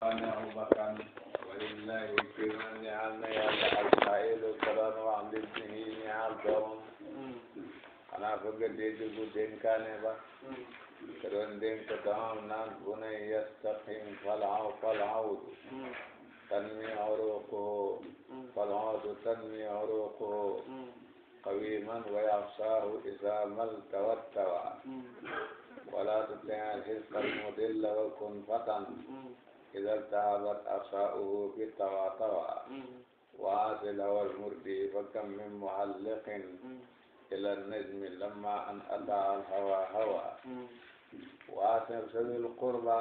سمعوا بكم ولله كل نعم يجعل سعيد القرآن وعن ابنه نعمتهم xanaa bëgg a dégg dénkaane ba te doon dénk doomam naan bu ne yastaqim falaw falawdu tanmi uruquhu falawdu tanmi uruquhu qawiman wa yaxsaahu iza maltawa tawa wala tuti al hisqa al mudilla wa kun fatan إذا التهبت أرشاؤه في التواتوى وعاصل والمردي فكم من معلق إلى النجم لما أن أتى الهوى هوى وعاصل ذوي القربى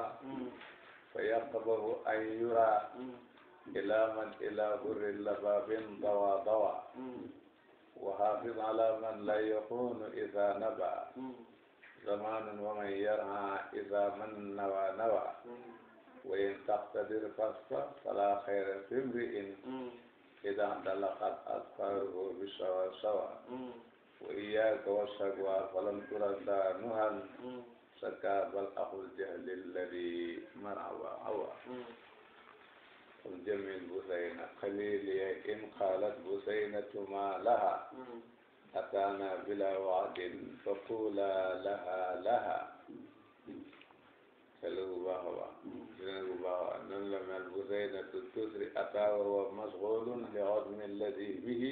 فيقبه أن يرى إلى من إلى بر لباب ضوى ضوى وحافظ على من لا يخون إذا نبى زمان ومن يرعى إذا من نوى نوى wa in taqtadir fasfa fala xayra fi mri'in ida ntalaqat asfaruhu bi sawa sawa hmm. wa iyyaka wa shagwa falan turada nuhan hmm. sakabal axul jahli alladi marawa awa qul hmm. jamil busayna qaliliya in qalat busaynatu ma laha atana bila wa'din faqula laha laha seetlu bu baax a baax seetlu bu baax a baax noonu la mel bu say na tu tusri ataawa wa masgulun li xosmi alladi bihi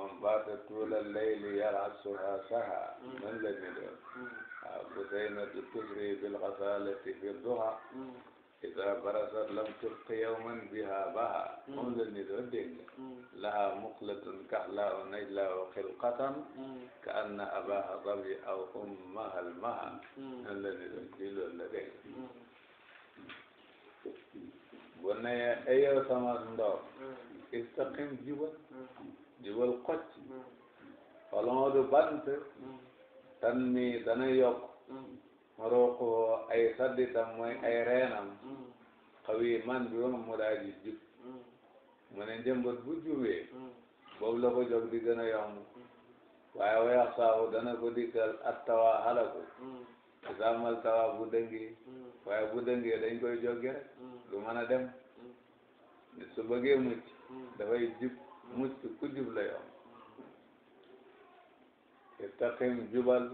on baata tuula layli yarasuha saha noonu la mel mm. waaw bu say na tu tusri bil xasalati fi duha mm. iza barasat lam turq yawman biha baha moom la nit a dégg laha muqlatun kaxla wa najla wa xilqatan ka anna abaha rabi aw ummaha almaha moom la nit a kii loolu la dégg bu ne eyow sama ndaw istaqim jubal jubal xocc falon du bant tan mi dana yokk maruuku ay sadditam mooy mm. ay reenam mm. xawi man bi mu daa ji jub mm. mu ne njëmbat bu jubee la ko jóg di gën a yomb waaye wayax saahu dana ko dikkal at tawa halaku isaamal tawa bu dëngee waaye bu dëngee dañ koy jóge rek a dem nit su bëggee mucc dafay jub mucc ku jub la yomb ittaqim jubal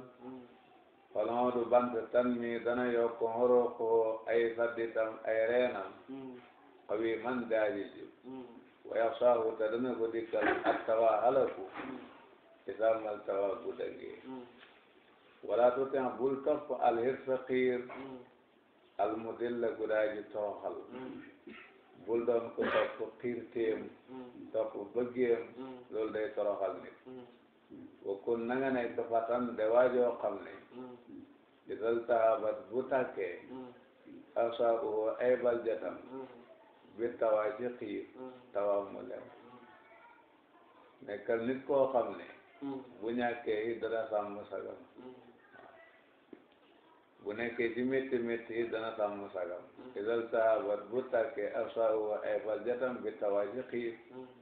falon du bant tan mi dana yokk horoo ko ay sadditam ay reenam xawi hmm. man daaji ji hmm. waya saahu dana ko dikkal ak tawa halaku hmm. isaamal tawa bu wala tu ten bul topp al hirsa xiir al mudilla gudaaji tooxal bul doon ko topp xiirteem topp bëggeem loolu day toroxal nit bokkul na nga nekk fatan de waajoo xam ne isal taabat bu takkee asaabuhu ay baljatam bi tawaa ci xiir tawaa mu lew nekkal nit koo xam ne bu ñàkkee yi dana sàmm sagam bu nekkee ci métti métti yi dana sàmm sagam isal taabat bu takkee asaabuhu ay baljatam bi tawaa ci xiir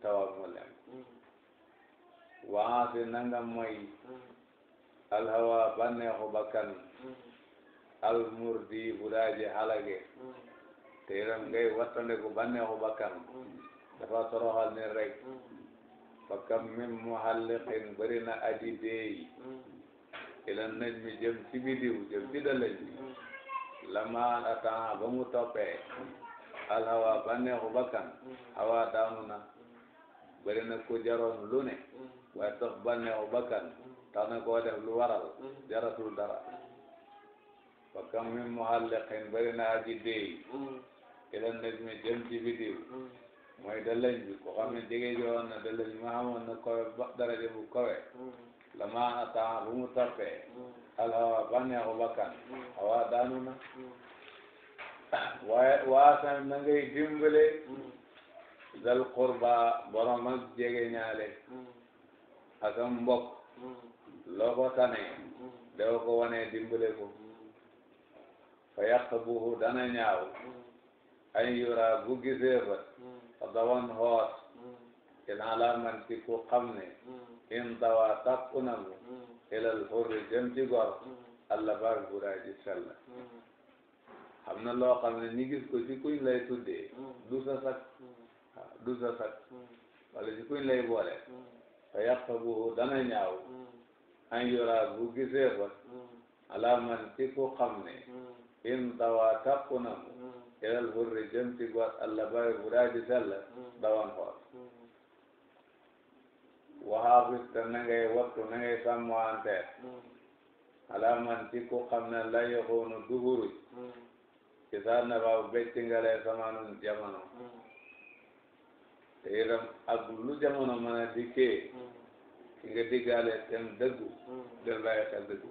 tawaa mu lew waa si nanga moy alhawa bànneexu bakkan al murdi bu daaji halage te itam ngay wattandeku bànneexu bakkan dafa toroxal ni rek fa kam min muhalliqin bari na aji deey ilan naj mi jëm ci bidiw jëm ci dalaj mi lama ba mu toppee alhawa bànneexu bakkan hawa daanu na bari na ku jaroon waaye topp bànneexu bakkan tax na koo lu waral jaratul dara bakkan min muhalliqin bari na aji déey ila najmi jëm ci bidiw mooy dalañ ko xam jege joon na ma xamoon na kowe daraja bu la maana temps bu mu toppee al hawa bànneexu bakkan hawa waaye waasan na ngay dimbale zal qurba borom ak jege ñaale ak am mbokk loo ko tanee doo ko wanee dimbale ko fa yàq buuxu ay yura bu gisee ba dawan xoot ilaa la man ci ku xam ne in dawa takku na mu ilal xurri jëm allah baag buraa ji sell xam na loo xam ne ñi gis ko ci kuñ lay tuddee du sa sak sa sak ci kuñ lay boole te yàq bu dana ñaaw mm. an yura bu gisee ba mm. alaaman ci ku mm. in dawa tàkku mu ilal hurri jëm ci allah bawe bu daaji dawan xool waxaafis te na ngay wattu na ngay sàmmanteer alaaman ci ku xam ne la yoxoonu duhuruj ci saa na baaw becc ngalee samaanum te itam ak lu jamono mën a dikkee ki nga diggaale tem dëggu del bàyyi xel dëggu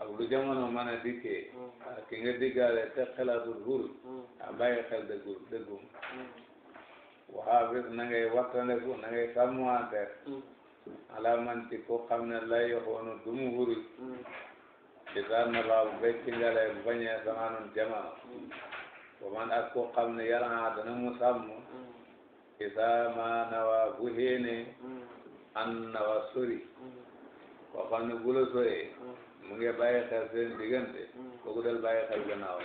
ak lu jamono mën a dikkee ki nga te xelaatul hur a bàyyi xel dëggu dëggu waxaa bis na ngay wattandeku na ngay sàmmanteer alaaman ci ko xam ne lay yoxoonu dumu huri di daan na laaw becc nga lay bañee damaanum jamono wa ak ku xam ne yaraa dana mu isa ma nawa bu héene an nawa sori koo xam ne bu la soree mu ngi bàyyi xel seen diggante kooku del bàyyi xel gannaaw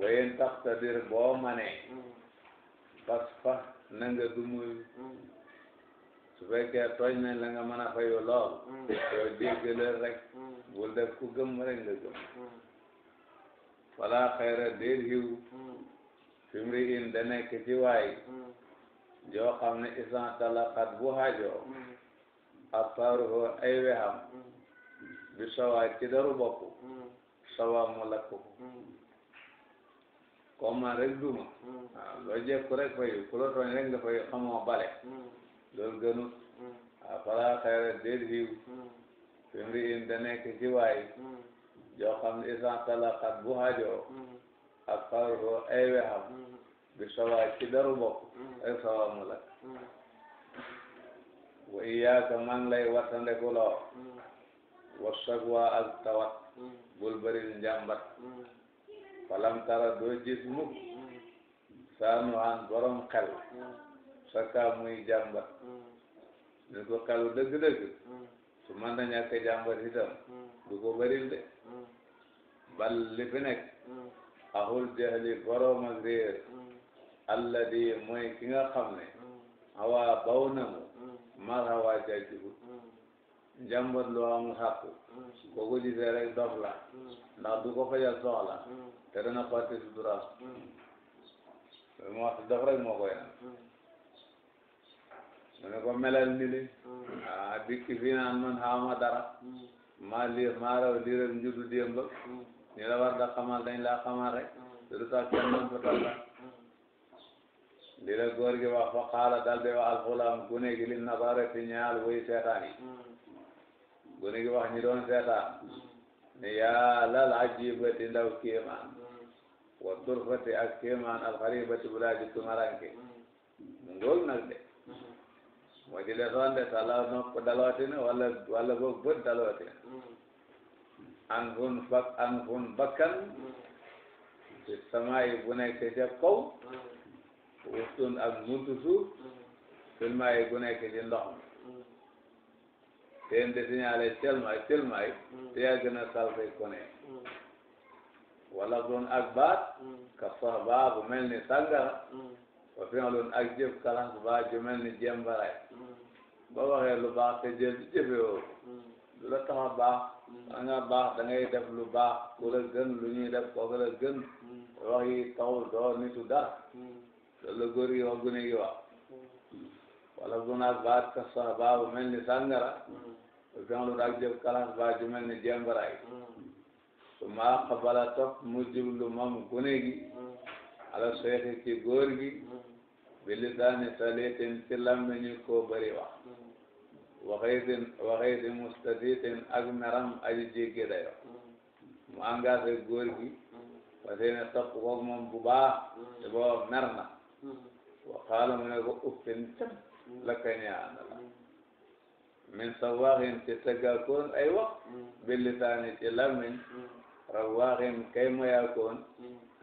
wayen taxtadir boo manee pas pas na nga du muy su fekkee tooñ nañ la nga mën a fayu lool mm. yow jéggalal rek mm. bul def ku gëm rek nga wala xayra déet yiw hmm. in da nekk ci waay hmm. joo xam ne isan talaqat bu hajoo hmm. apparuhu ci daru bopp sawaa mu lakk ko comme rek duma waaw loo jekku rek fayu ku la tooñ rek nga fayu xamoo bale loolu in da nekk yoo xam ne isaan talaxat bu hajoo ak faroo ay wexam bi sawa mu lakk wa iyaaka maa ngi lay wattandeku loo wa sagwa ak tawat bul bëril njàmbat falam tara doo gis mukk saanu an borom xel saka muy jàmbat ni ko xelu dëgg-dëgg su mën na ñàkk jàmbat itam Hmm. bal li fi nekk hmm. ahul jahli borom ak réer mooy ki nga xam ne hmm. hawa mu mar hawa jajjubu njàmbat lu am xàq kooku gisee rek dof ndax du ko fajal soxla te dana fàtte suturaam loolu moo tax dof moo koy am mu ko melal ni li ah dikki fii naan man xawma dara maa lii maa raw lii rek njuddu démb ñu la war da xamal dañ laa xamal rek te mm. du tax kenn mën fatal la lii la góor gi wax fa dal di wax alxulaam gune gi lim na bare fi ñaal woy seetaan mm. gune gi wax ñi doon seetaan mm. ne yaa lal ajibati ndaw kéemaan wa turfati ak kéemaan alxaribati bu laa ji tumaranke mu ngóol nag de mooy di lesoon de talaaw nopp dalootina walla walla boog bët dalootina hmm. an hun bak an hun bakkan ci hmm. samaay bu nekk ca kaw hmm. wustun ak muntu suuf filmaay bu nekk ci ndox mi teen de signalé celmaay celmaay te yaa gën a salfe kone walla doon ak baat ka sox baa bu mel ni sàngara wa fi'lun ak jëf kalas ba ju mel ni jembaray mm. ba waxee lu baax te jëf jëfewoo mm. du la tax a baax mm. nga baax da ngay lu baax ku la gën lu ñuy def kooku la gën wax yi taxul doo nitu dara loolu la góor yi wax gune gi wax wala bu naag baat ka sax baa bu mel ni sàngara wa fi'lun ak jëf kalas ba ju mel ni jembaray su maa xabala topp mu jublu moom gune gi ala i ci góor gi bi lisaani saliitin ci làmmiñu koo bari wax waxaytin waxayti mustaditin ak meram aji jéggi dayo mu engagé góor gi parce que ne topp koog moom bu baax te boo mer na waxaala mu ne uffin cam la ka ñaan la min sawaaxin ci tëggaakoon ay wax bi lisaani ci làmmiñ rawaaxin kay moyaakoon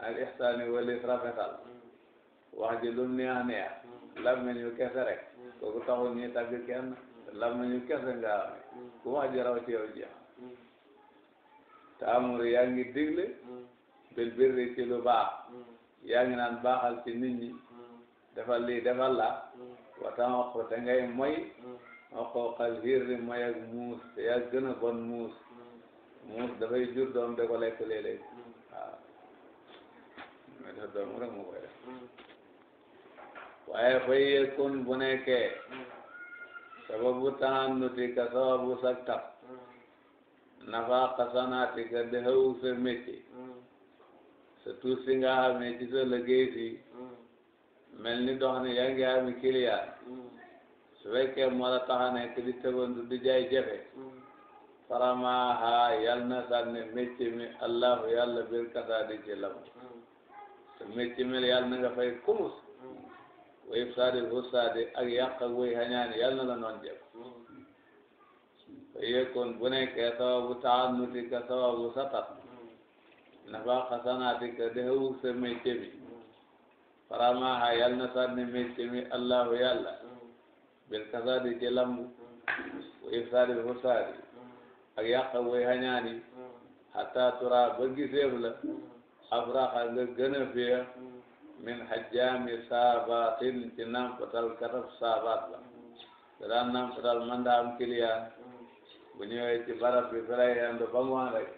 al ihsaani walis rafetal wax ji lu neex neex mm. làmmiñu kese rek mm. kooku taxul ñuy tagg kenn mm. làmmiñu kese nga amee ku wax ji raw ci yow jeex taamur yaa ngi digle bil birri ci lu baax yaa ngi naan baaxal ci nit ñi defal lii defal la waxtaan wax ko te ngay moy wax ko xal xiir di moy ak muus te yaa gën a bon muus muus dafay jur doom da ko lekk léeg-léeg mais sa doom rek moo koy def waaye fa yëkkun bu nekkee sababu tahannuti ka sababu sak tap nafa xasanaati ka dexawu sa métier sa tuut si nga xamee ci sa liggéey si mel ni dox ne yaa ngi ami kiliyaan su moo la tax a nekk di tëbandu di jaay jafe faramaha yal na sànni métier mi allahu yàlla bir kasaadi ci lamu te mel ci mel yàlla na nga fay kumus way saadi husaadi ak yàq ak way hañaani yàlla na la noon jëm yekkoon bu nekkee sababu taanutika sababu satat nafa xasanatika dexewug sa métier bi faramaha yàlla na sànni métier mi allahu yàlla bil kasadi ci lambu wa ifsaadi husaadi ak yàq ak way hañaani hatta tura ba giseef la abraha nga gën a féex min hajjaami saabatin ci nampatal katab saabat la da daan nampatal man daa am kiliyaan bu ñëwee ci barab bi feray yendu ba mu rek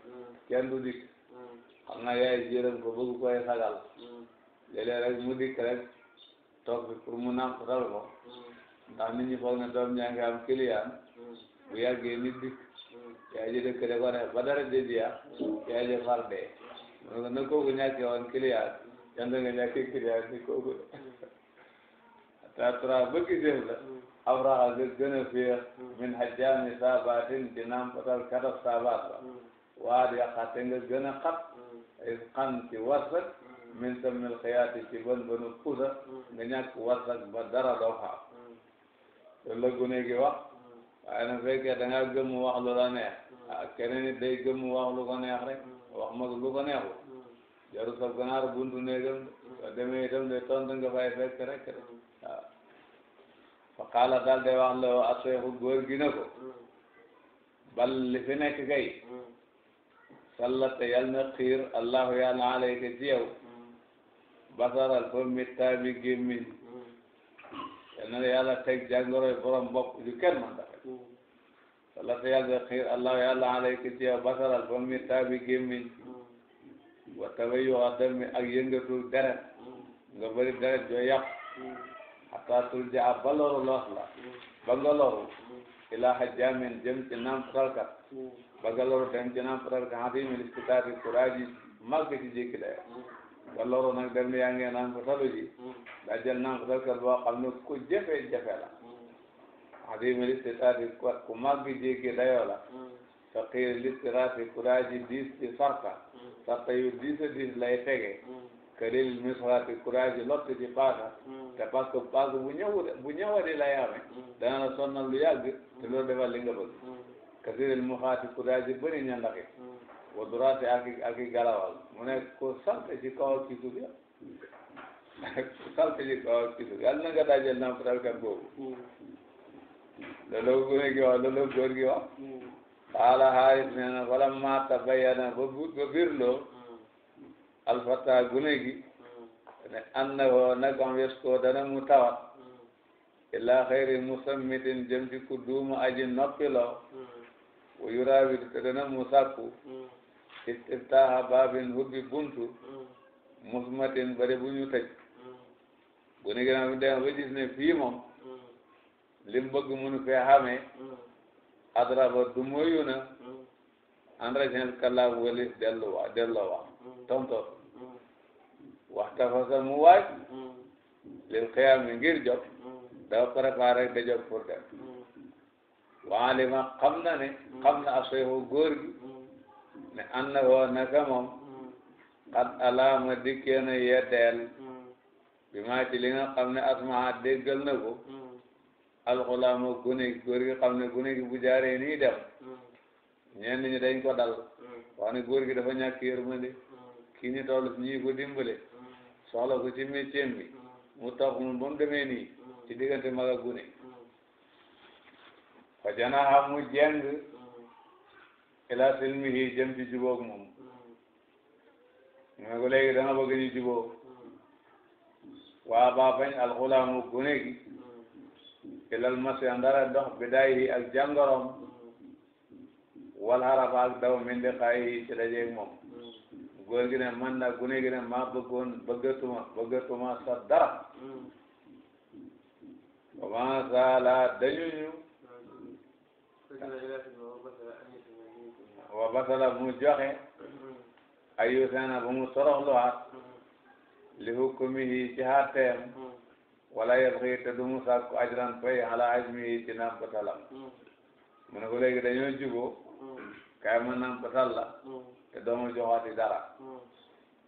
kenn du dikk xam nga yaay jiram ko bëgg sagal léeg rek mu dikk rek toog bi pour mu nampatal ko ndax nit ñi foog ñaa ngi am kiliyaan bu yàggee nit dikk yaay ji ko ne ba dara dédiya yaay ji loolu nag kooku ñàkkee woon client yàlla nga ñàkkee client ni kooku de ta tra ba abraha ga gën a féex min hajjaami saabaatin ci nampatal katab saabaat la waat yaqate nga gën a xat xam ci warsak min sammil xiyaati ci ban hmm. banu pusa nga ñàkk warsak ba dara doo xaam hmm. loolu la gune wax waaye hmm. nag fekkee da ngaa wax lu la neex ah day gëm wax lu ko rek wax ma ko lu ko neexul hmm. jarul sa ganaar buntu néegam soo fekk rek rek hmm. waaw fa de wax la wa aseexu góor gi ne ko hmm. bal li fi nekk kay sallate yal na xiir allahu yàlla alayka ci yow basaral fo mittaabi yal na yàlla teg jàngoroy borom ju kenn man walla te yàgga xiir allah yàlla alayka ci yow basaral ba taabi gémmiñ wa tabe yoxa dami ak yëngatul deret nga bëri deret joo yàq xataa turjaa ba loru loos la ba nga loru ilaa hajjaamin jëm ci nampatalkat ba nga loru dem ci nampatalkat xatimin ispitaati kuraaji mag ci jékki dayo nag dem yaa ngi nampatalu ji daa jël nampatalkat boo xam ne ku jafe jafe la azim listiraati ku mag gi jéggi dayoo la faqir listiraati ku daa ji diis ci farta farta yu diis a diis lay tege kalil misraati ku daa ji lott ci paaka te parce que paaka bu ñëwu bu ñëwadi lay amee dana la sonnal lu yàgg te loolu defal ji bëri ñandaxi wa duraati ak ak galawal mu ne ko salte ci kaw ci suuf yëpp salte ci kaw ci suuf na nga dajel naam tal kan boobu loolu gune gi wax loolu góor gi wax xaala xaaris nee na wala ba ba birloo alfata gune gi ne annahu nagam wes dana mu tawat illa xayri musammitin jëm ci ku duuma aji noppiloo wa yuraawil te dana mu sàkku istiftaaha baabin hubbi buntu musmatin bari bu ñu tëj gune gi nag mu dem ba gis ne fii moom lim bëgg mënu fee xamee hmm. adraba du moyu na andragent kalaam walis dellu wax delloo wax tontot waxta fasa mu waaj hmm. lil xiyaam yi ngir jóg hmm. dafa préparé rek da jóg dem waalima xam na ne xam na asoyxu góor gi ne an na woo naka moom xat alaama dikkee na yeddeel bi maa ci li nga xam ne asmaa déggal na ko alxulaama gune gi gi xam ne gune gi bu jaaree nii dem ñenn ñi dañ ko dal wax ne gi dafa ñàkk yërmande kii ñu toll ñii ko dimbale soxla ko ci métier bi mu toog mu ba mu demee nii ci diggante mag ak gune fa janaha mu jeng ila silmihi jëm ci jubóog moom ñu ne ko léegi danga bëgg ñu jubóog waa baa bañ alxulaamu gune gi ilal masi andara dox bidaayi ak jàngoroom wal haraf ak daw mindi xaayi ci dajeeg moom góor gi ne man na gune gi ne maa bëggoon bëggatuma sa dara wamaa saala dañuñu basala mu joxe ayu sana ba mu toroxluwaat li hukkumihi ci xatteem wala yabxi te du mu sàkku ajran fay ala ajmi ci nàmpatalam hmm. mu ne ko léegi dañoo juboo hmm. kaay ma nàmpatal la hmm. te doomu joxaati dara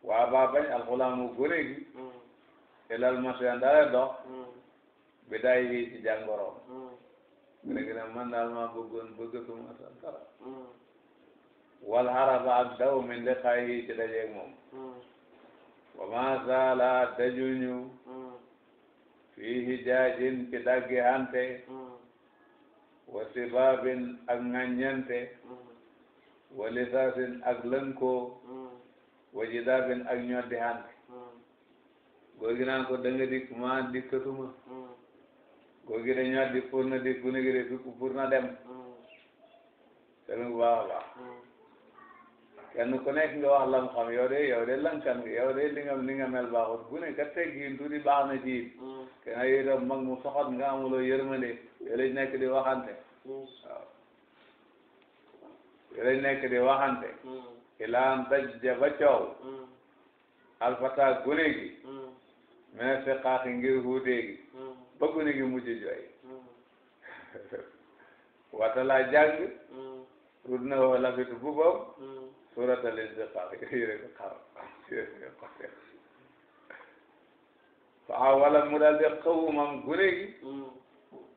waa baa bañ alxulaamu góore gi ilal masiyan dara dox bi daay yi ci jàngoroom mu ne gën a man daal maa bëggoon bëggatuma sa dara wal xarafa ak daw min liqaay yi ci dajeeg moom wa maa saala fii hijaajin ci daggi hante wa sibaabin ak ŋàññante wa lisaasin ak lënkoo wa jidaabin ak ñoddi hante góor gi naan ko danga dikk maa dikkatuma góor gi dañoo di na dikk gune gi de pour na dem te mm. lu kenn ku nekk nga wax lam xam yow de yow de lankan yow de li nga li nga mel baaxut bu ne ka baax na ci it kenn ay mag mu soxot nga amuloo yërmande yow lañ nekk di waxante waaw yow lañ nekk di waxante ilaan dajja alfata gune gi mene si xaaxi ngir huutee gi hmm. ba gune gi mujj jooy hmm. watala jàng hmm. rut na woo lafit bu suurat al istiqaar yére bi xar yére bi xar waaw wala mu di xawu mam gune gi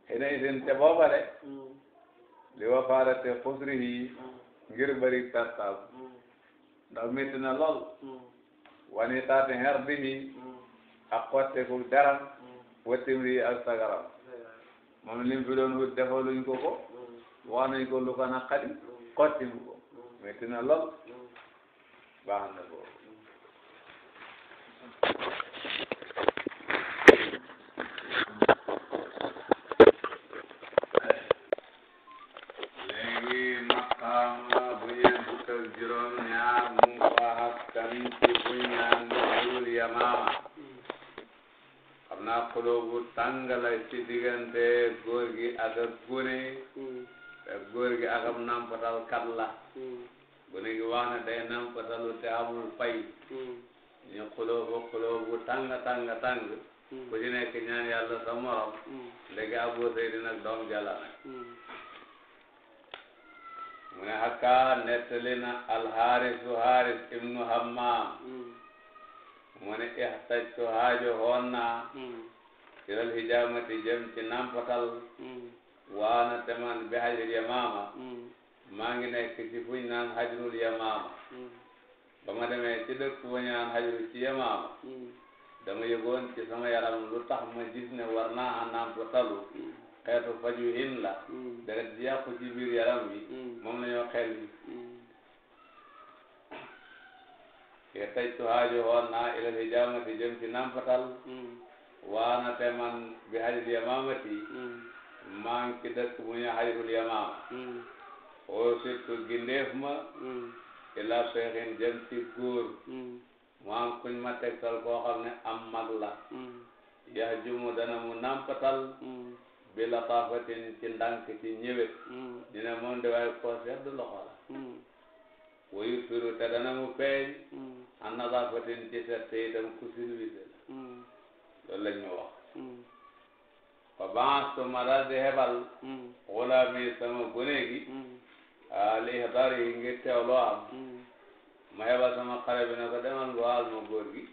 xëy na isin te boobale li wafaarate xusri yi ngir bëri tartaab ndax métti na lool wani taate her bi yi ak xotte ku daram hmm. wëttim ri ak sagaram hmm. moom lim fi doon wut defaluñ ko ko hmm. wax nañ ko lu ko naqari xotti metti na lool baax na boobu xulóobu tàngala ci diggante góor gi ak ak góne te góor gi ak am nampatal kat la mi ngi wax ne day nampatalu te amul fay hmm. ñu xuloo ba xuloo bu tàng tàng tàng hmm. ku ci nekk ñaan yàlla sa morom ndege hmm. Abu Zayd mu ne hakkaa nettali na alxaarisu xaaris ibnu hammaam mu ne ixtajtu haajo xoon naa ilal hijaamati jëm ci nampatal waana teman bi hajir yamaama maa ngi nekk ci fuñ naan hajrul yamaama hmm. ba ci dëkk bu ñu naan hajru ci yamaama hmm. dama yëgoon ci sama yaram lu tax ma gis ne war naa anam bu talu hmm. xeetu faju la deret ji yàqu ci biir yaram bi moom la ñoo xel yi ke taj tu haajo hoon naa ilal hijaamati jëm ci nampatal bi hajrul yamaamati maa ngi ci dëkk bu ñu hajrul oo surtu gindeef ma ila peexin jëm mm. ci góor mm. mu an kuñ ma tegtal koo xam ne am mag la mm. yax jumu dana mu nampatal bi latafatin ci ndànk ci ñëwet ñu ne moom de waaye ko sedd loxo la wayu turu te dana mu peeñ an nadafatin ci sette itam ku silwise la loolu lañ ñu wax fa baas tu sama gune li xibaar yi ngir teewloo am ma yebal sama hmm. xale bi ko demal nga waal ma góor gi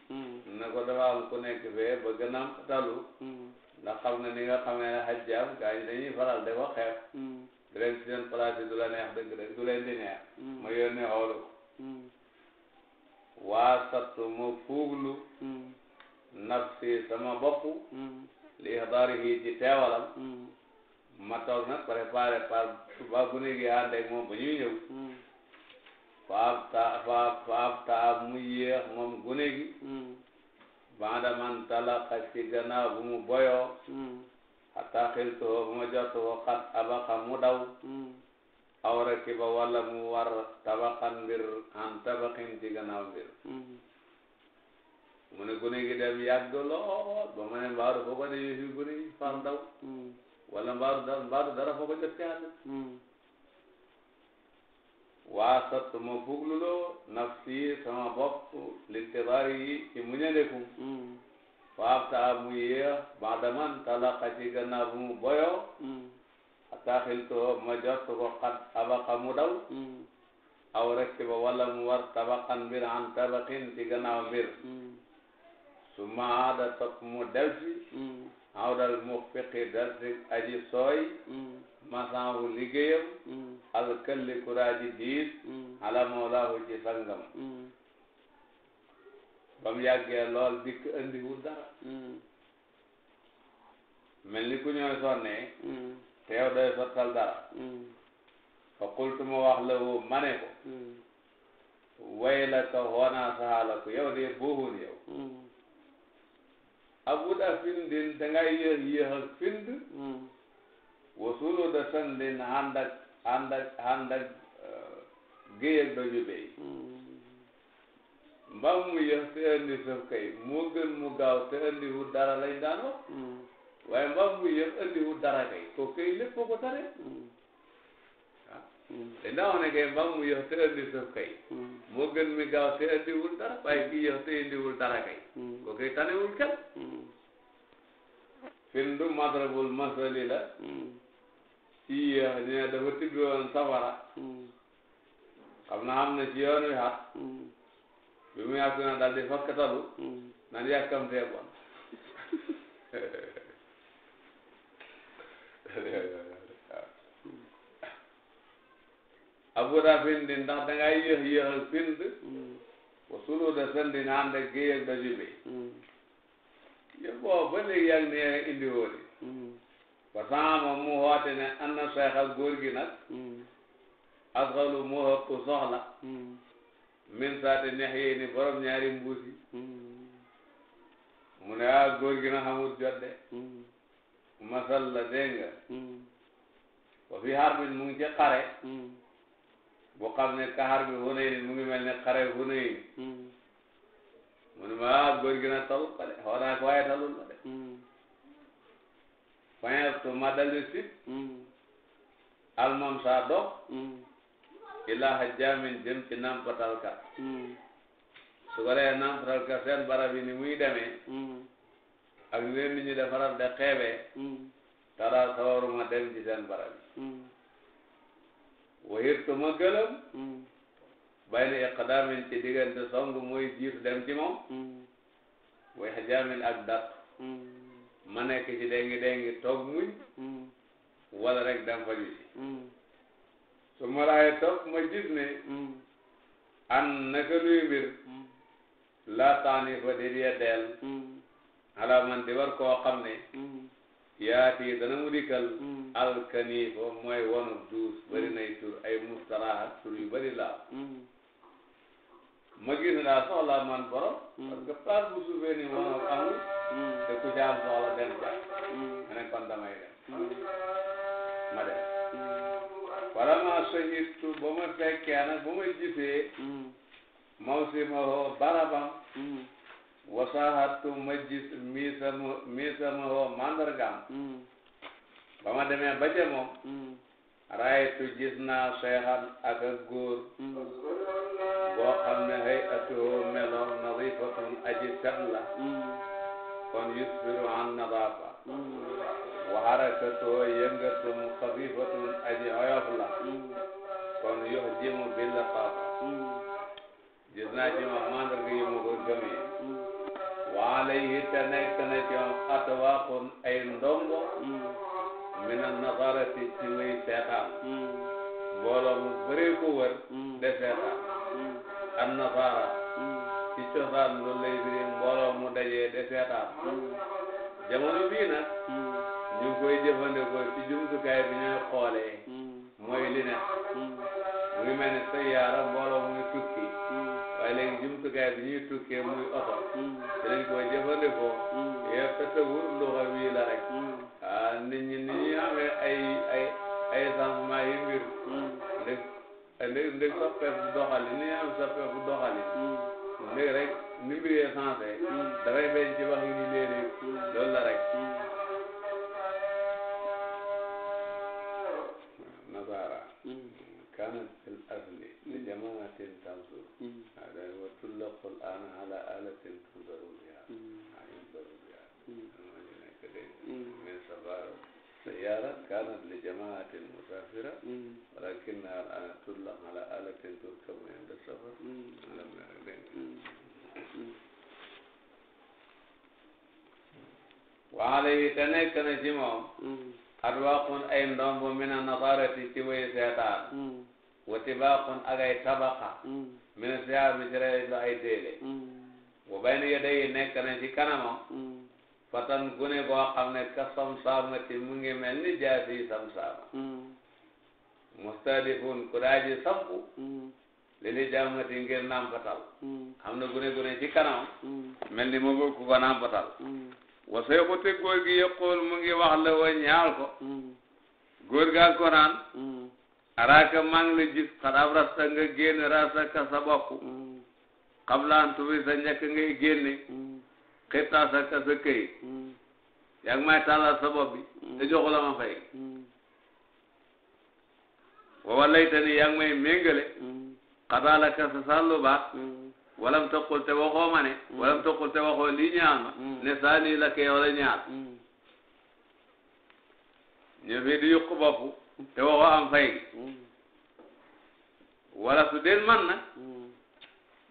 ne ko dafa am ku nekk fee ba gën a am talu ndax xam nga xamee xajjaam gaa ñi dañuy faral de ko xeeb hmm. di leen si seen place yi du la neex dëgg dëgg du leen di neex hmm. ma yónnee xoolu ko waa sattu ma fuuglu nafsi sama bopp li xibaar yi ci teewalam ma toog nag suba gune gi ànd ak moom ba ñuy ñëw hmm. faab taa faab faab taa mu yéex moom gune gi hmm. baada man talaqa ci gannaaw bu mu boyoo hmm. hatta xiltuho bu ma jottuho xat abaxa mu daw aw rakiba walla mu war tabaxan mbir an tabaxin ci gannaaw mbir mu ne gune gi dem yàgg lool ba ma ne mbaaru foo ko dañu fi gune gi far daw wala mbaaru dara mbaaru dara foo ko jot ci àdduna hmm. waa satt ma fugluloo nafsi sama bopp lintibaar yi ci muñandeku faabta hmm. mu yéex baadaman talaqa ci gannaaw bu mu boyoo xataa hmm. xiltoo ma jot ko xat abaqa mu daw aw rekk ba wala war tabaqan mbir an tabaqin ci gannaaw mbir su ma aada topp mu delsi awdal mufiqi darsi aji sooy mm. masanhu liggéeyam mm. alkalli kuraaji diis mm. ala mawlaahu ci sangam ba mu yàggee lool dikk andiwul dara mel ni ku ñooy sonne te yow doy sottal dara fa wax la wu mane ko way la ka hoonaa saxaala ku yow de boohun yow abuda findin da ngay yéex yéex find hmm. wasulu da sandin ànd ak ànd ak ànd ak uh, géy ak hmm. te andi sëf kay moo gën mu gaaw te andi wu dara lañ daan wax hmm. waaye mbaa mu yéex andi wu dara kay ko kay Mm. te ndaw ne mu yox te andi suuf kay mm. moo gën mi gaaw te andiwul dara waaye kii yox te andiwul dara kay mm. ko kay tanewul kenn fin du madrabul masali la ci yéex ñu ne dafa tibbi woon safara xam na xam na ci yoon wi xat bi mu yàgg na abura bindi ndax da ngay yéex yéex ak bind wa sulu da sandi na ànd ak géej ak daju boo ba léegi yaa ngi indi woon wa sama moom mu woote ne an na seex ak góor gi nag asxalu moo ëpp soxla min saate neex yee ni borom ñaari mbuus yi mu ne ah góor gi jot de masal la dégg nga harbin mu ngi ci xare bu xam ne kaxar bi Hunayn mu ngi mel ne xare Hunayn mu ne ma ah, góor gi nag talut ko de xaw naa ko waaye talut ma de tu ma daldi si almam saa dox ilaa hajjaamin jëm ci nampatal ka su ko dee nampatal ka seen barab yi ni muy demee ak leen nit ñi defaral de xeebee tara sawaruma dem ci seen barab yi wayir tuma gëlëm mm. bay na iqdaamin ci diggante song mooy jiif dem ci moom mm. way xajaamin ak dat mm. ma nekk ci dengi dengi toog muñ wala rek dem faju si su ma laay toog ma gis ne an naka luy mbir laa taani fa di deel ala di war koo xam ne yaati dana mu dikkal mm. alkanifa mooy one of those bari nay tur ay mustarahat tur yu bari laa mm. ma gis daa soxla man borom mm. parce que place bu suufee ni one of amul te ku ca am soxla dem ca ma ne kon damay dem ma dem wala ma sohittu ba ma fekkee nag ba ma gisee mawsimahu barabam wasaahatu ma gis mii sama mii sama woo mandargaam hmm. ba ma ba ca moom hmm. raaytu gis naa seexan ak ak góor hmm. boo xam ne hay atuhu meloom nadifatun aji set la kon yusfiru an nadafa wa harakatuhu yëngatum xafifatun aji oyof la kon yuhjimu bi lafafa gis naa ci ma mandarga yi ma ko gëmee waalayhi te nekk na ci am atwaaqun ay ndongo minan nazarati ci luy seetaan mbooloo mu bëree ko wër de seetaan an nasara ci cosaan loolu lay firi mbooloo mu dajee de seetaan jamono bii nag ñu koy jëfandikoo ci jumtukaay bi ñuy xoolee mooy li ne mu ngi mel ni sayyaara mbooloo muy waaye léegi jumtukaay bi ñuy tukkee muy oto dinañ ko jëfandikoo ya tasawur luxa wii la rek ah nit ñi ni ñuy amee ay ay ay changement yi mbir ndég ndég ndég soppee bu doxali ni ñuy am soppee bu doxali ndég rek ni mbir yee changé dafay feeñ ci wax yi léeg-léeg loolu la rek nasara hmm. kanat fil asli li jamaatin tanzur ada wa tullaqul ana ala alatin tunzaru biha ayunzaru biha ma ñu nekk de min sabaru sayara kanat li jamaatin musafira walakinna ana tullaq ala alatin turkabu inda safar lam nekk de waale yi te nekk na ci moom adwaqun ay ndomb min a nadarati ci way seetaan wa tibaaqun ak ay tabaqa min siyaab mi sere lu ay déele wa bayna yaday nekk na ci kanamam fatan gune goo xam ne ka samsaamati mu ngi mel ni jaasi samsaama mustadifun ku daaji sampu lili jaamati ngir nampatal xam na gune gune ci kanamam mel ni mu bëgg ku ko nampatal wa ko te góor gi yëqool mu ngi wax la wa ñaal ko góor gaa ko naan araaka maa ngi la gis xarab rasta nga génn rasaka sa bopp xablaan tubi sa njëkk ngay génne xittaa sa ka sa këy yaa ngi may tàllal sa bopp bi te joxu te waxoo ma ne walam te waxoo lii ñaan ne saa nii la wala ñaar ñëw fii di yukk bopp te waxoo am fay gi wala su deen man nag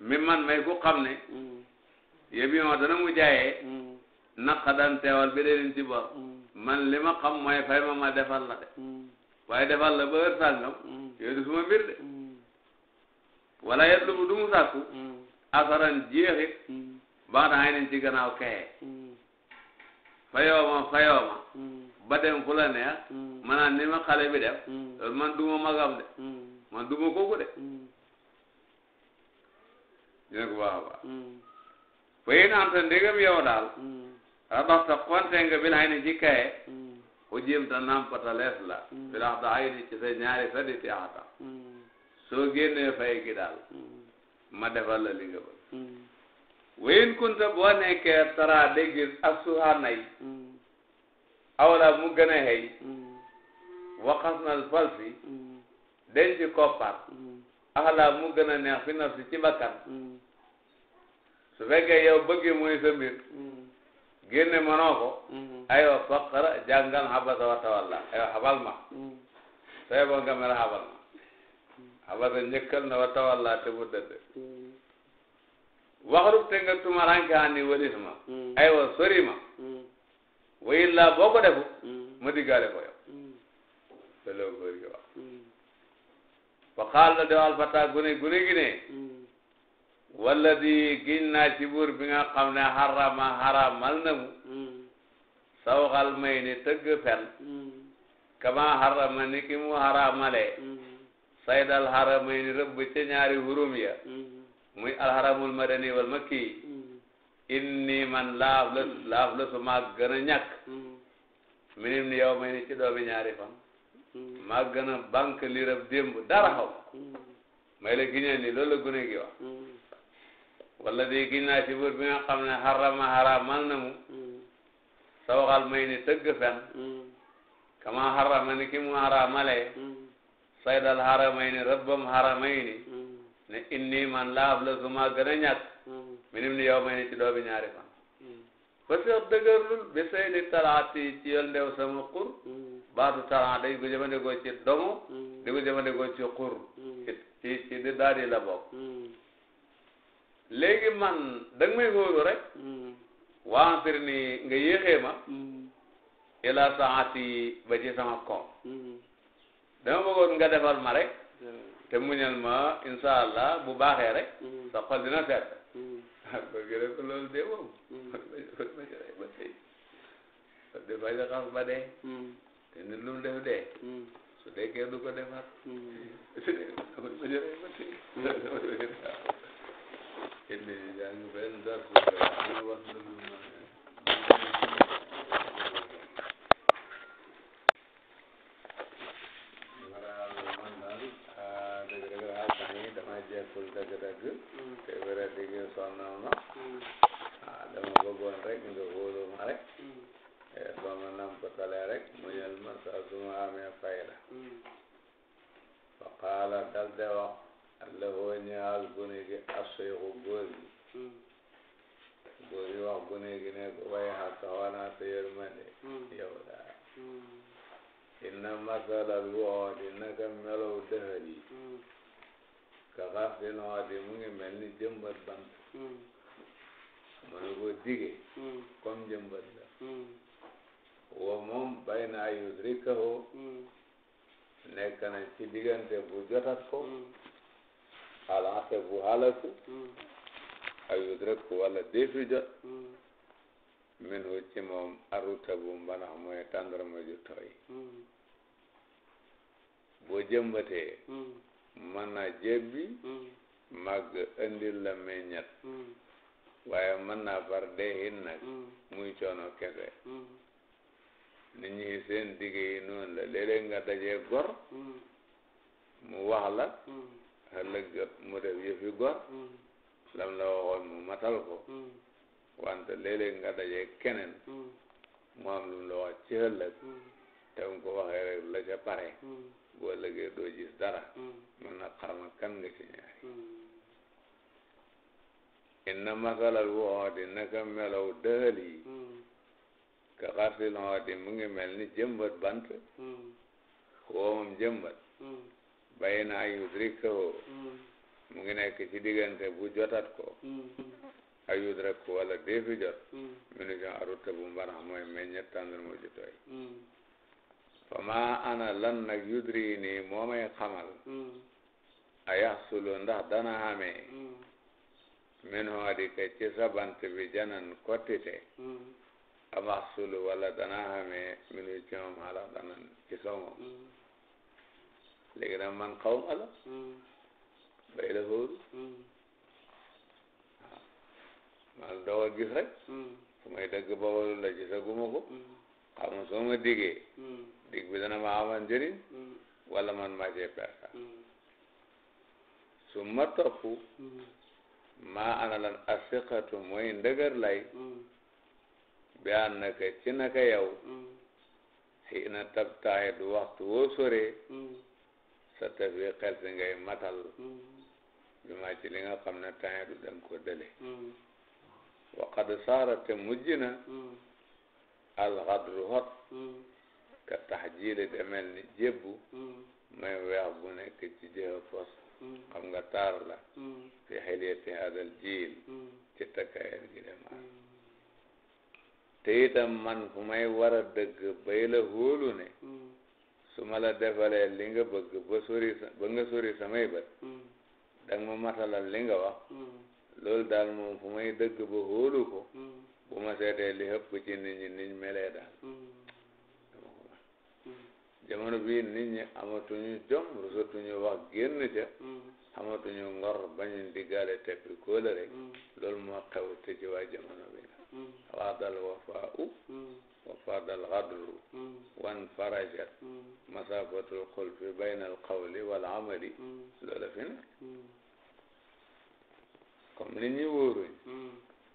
mi man may ku xam ne yëpp yoon dana mu jaayee naqa daan teewal bi dee ci man li ma xam mooy fay ma ma defal la de waaye defal la ba heure sàngam yooyu du suma mbir de wala yet lu du mu sàkku asaran jeexit ba nga tax ay nañ ci gannaaw kaye fayooma fayooma ba dem neex maanaam mm. ni ma xale bi def mm. man duma magam de mm. man duma kooku de ñu ne ko baax a baax fayin anta ndegam daal rabaxta konte nga bi lay ni ci kaye o jéem ta nampatalees la bi ay ni ci sa sa di tiaxata soo génnee fay gi daal ma defal la li nga bëgg wayin kunta tara dégg ak awla mu gën a xëy mm. waxas nal falsi mm. denc koppar mm. axlaa mu gën a neex fi nafsi ci bakkan su fekkee yow bëggee mooy sa mbir génne mënoo ko aywa faqara jàngal habasa wa tawalla aywa xabal ma sooy boo nga mel xabal ma habasa njëkkal na wa tawalla te bu dëdd waxru te nga tumaranke ani walis ma aywa sori ma way laa boo defu mm. ma diggaale ko yow mm. loolu la góor gi wax mm. ba la dewal fata gune gune gi walla di giñ naa ci buur bi nga xam ne harama haramal na mu sawxal may tëgg pen kama harama ni ki mu haramalee saydal haramay ni rëbb ca ñaari hurum ya muy alharamul madani wal makki inni man laaf la laaf la su maa gën a ñàkk hmm. minim ni yow may ni ci doomi ñaari fan hmm. maa gën a banque li rab démb dara xaw hmm. may la giñee ni loolu la gune gi wax wala di giñ naa ci buur bi nga xam ne xarama xaramal na mu sawaxal may tëgg fen kama xarama ni ki mu xaramalee saydal xaramay ni rabbam xaramay ni inni man laaf la su maa gën a ñàkk minim li yow may ni ci doomi ñaari fan ba seex dëgërlul bi say ni talaati ci yol sama xur baatu talaan dañ ko jëfandikoo ci domo di ko jëfandikoo ci xur ci ci di daal la bokk léegi man da may hóolu rek wansir ni nga yéexee ma ila saati ba ci sama koom dama bëggoon nga defal ma rek te muñal ma incha bu baaxee rek sa xol dina ko loolu mm. de moom. de bañ a xas ba dee. te nit lu mu def dee. su deekee du ko defar. indi jàng benn dar wax jekkul dëgg-dëgg te wéra digi sonnaw dama bëggoon rek nga wóolu ma rek soo ma nampatalee rek mu yal ma saa su amee fayda fa qaala dal de wax alla hoo ñaal gune gi asseexu góor gi góor gi wax gune gi ne ko way xar taxoonaa sa yërmande yow daal inna masalal woodi naka melow dëhël yi ka xaaf di noo di mel ni jëmbat bant mu ne ko dige hmm. comme jëmbat la hmm. wa moom bay na ayut rikaho hmm. nekk na ci diggante bu jotat ko xalaate bu xalaku ayut rek wala deetu jot min hu ci moom aruta bu mbanax mooy tàndarma ju tooy boo jëmbatee mën naa bi mag hmm. andil la meññat hmm. waaye mën naa far deexin nag hmm. muy coono kese nit ñi seen digge yi noonu la léeg nga dajee gor mu wax la ëllëg jot mu def yëfi gor lam la waxoon mu matal ko wante léeg nga dajee keneen mu am lu mu la wax ci ëllëg te mu ko waxee rek la ca pare boo lëgee doo gis dara mun hmm. na xarma kan nga ci ñaari hmm. inna masalal woodi naka melow dëhël yi hmm. ka xartil woodi mu ngi mel ni jëmbat bant woomam jëmbat bay na ayudrika woo mu ngi nekk ci diggante bu jotat ko ayudrak wala déefi jot mu nu jot arutta bu mbana mooy meññet tàndar mu fama ana lan nag yudri ni moo may xamal ayaxsulu ndax dana xamee min hoo di ka ci bi janan kottite amaxsulu wala dana xamee minu ci moom xalax danan ci somoom léegi nag man xawm ala man doog gis rek fu may dëgg ba walu la gisaguma ko xam nga digg bi dana ma amal njëriñ wala man ma cee perte su ma topp maa ana lan asiqatu mooy ndëgër lay bi an naka ci naka yow xii na tabtaay du waxtu woo sore sa tafi xel matal bi ma ci li nga xam ne temps du ko dële wa saara te mujj na alxadru hot ka tax jiili demel ni jébbu mm. mooy weex bu nekk ci jëha fos mm. xam nga taar la mm. fi xiliyati hadal jiil ci takkaayal gi demaat te itam man fu may war a dëgg bay la hóolu ne su ma la defalee li nga bëgg ba sori ba nga sori samay bët danga ma matalal li nga wax loolu daal moom fu may dëgg ba hóolu ko bu ma seetee li ëpp ci nit ñi niñ melee daal jamono bii nit ñi amatuñu jom rusatuñu wax génn ca mm. amatuñu ngor bañu diggaale teppi kóola rek mm. loolu moo xew te ci waa jamono bi la xaadal mm. wafaa u wafaadal xadru wan farajat masafatul xulfi bayna al qawli wal amali loola fi ne comme nit ñi wóoruñ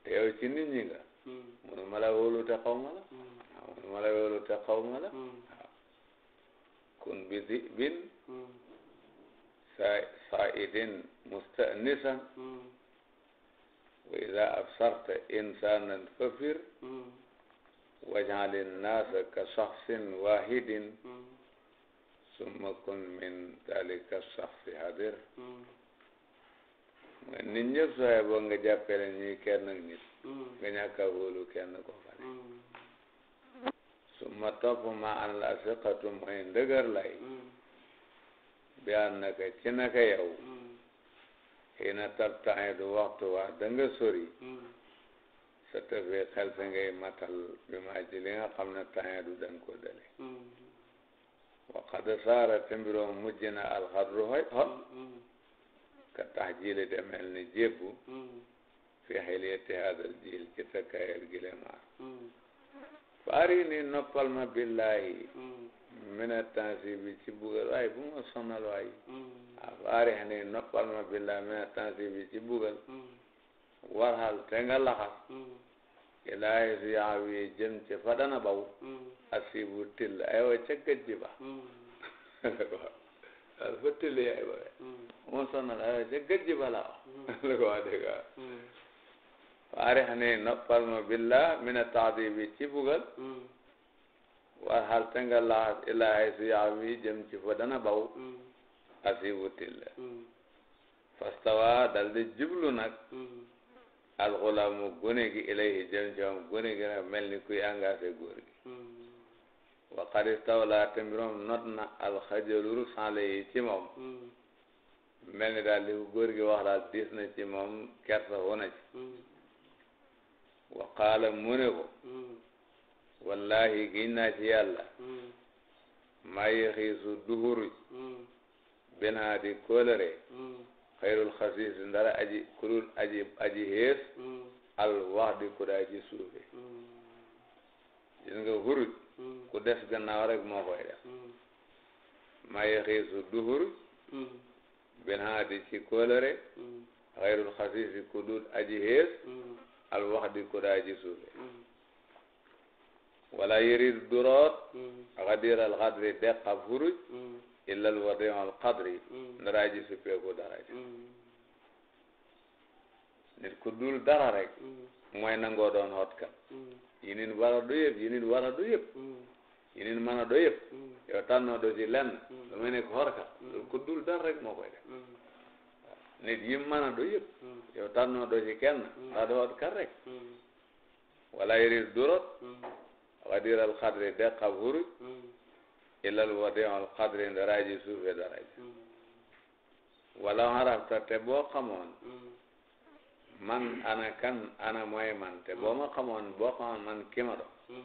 te yow ci nit ñi nga munu ma la wóolu te xaw ma la munu ma la te xaw ma kun bi dibin saa saaidin mustanisan wa ida absarta insanan fafir wajal innaasa ka shaxsin wahidin summa kun min dalika shaxsi hadir mooy nit ñëpp soo boo nga jàppee ne ñuy kenn ak nit nga ñàkk a wóolu kenn ko fa ne suma topp ma an la siqatu mooy ndëgër lay mm. bi an naka ci naka yow mm. xiina tabtaxidu waxtu waa da nga sori mm. sa tëfee xel sa ngay matal bi ma ji li nga xam ne taxidu da nga ko dale wa qad saara te mbiroom mujj na alxadru hoy hot ka tax jile de mel ni jébbu fi xiliyati hadal jil ci takkayel gile maar farini noppal ma billahi mina hmm. tansi bi ci bugal waaye bu ma sonal waaye hmm. a ah, farini noppal ma billahi mina tansi bi ci bugal hmm. warhal te nga laxas ilaahi si yaawi jëm ci fadana baw asibu till ay wa ca gëjji ba fa till yaay ba we mo sonal ay wa ca gëjji ba la la ko wax dëgg faarix ni noppal ma billah mina taadibi ci bugal war xal te nga laxas ilahay si yaami jëm ci fa dana baw asibu tilla fastawa dal di jublu nag alxulaamu gone gi ilayhi jëm ci moom gone gi nag mel ni kuy engagé góor gi wa qad istawla te mbiroom not na alxajalu rus alayhi ci moom mel ni daal li góor gi wax daal diis na ci moom kersa wu na ci waqaala mu ne ko hmm. wallahi giñ naa ci yàlla hmm. maa yi xiisu duhuruj hmm. benaa di kóolare xayrul xasiis ndara aji kurul aji aji xees al wax di ku suufe gis nga huruj ku des gannaaw rek moo koy def maa yi xiisu duhuruj benaa di ci kóolare xayrul xasiis ku aji xees al wax di ku daa ji suufe mm-hmm. wala yërid duroot mm-hmm. xadir al xadri deqab huruj mm-hmm. illal wadim al xadri na daa ji suppeeku dara ji nit ku dul dara rek mooy nangoo doon xotkat yi nit war a do yëpp yi war a do yëpp yi nit a do yëpp yow tànnoo do ci lenn lu may nekk xorkat dul dara rek moo koy def nit yi mën a doy yëpp hmm. yow tànnoo doo ci kar hmm. rek hmm. wala yërit durot xadir al xadri de xab huruj ilal wadin al xadri daraji suufe daraji wala arafta te boo man ana kan ana mooy man te boo ma xamoon boo xamoon man ki ma doon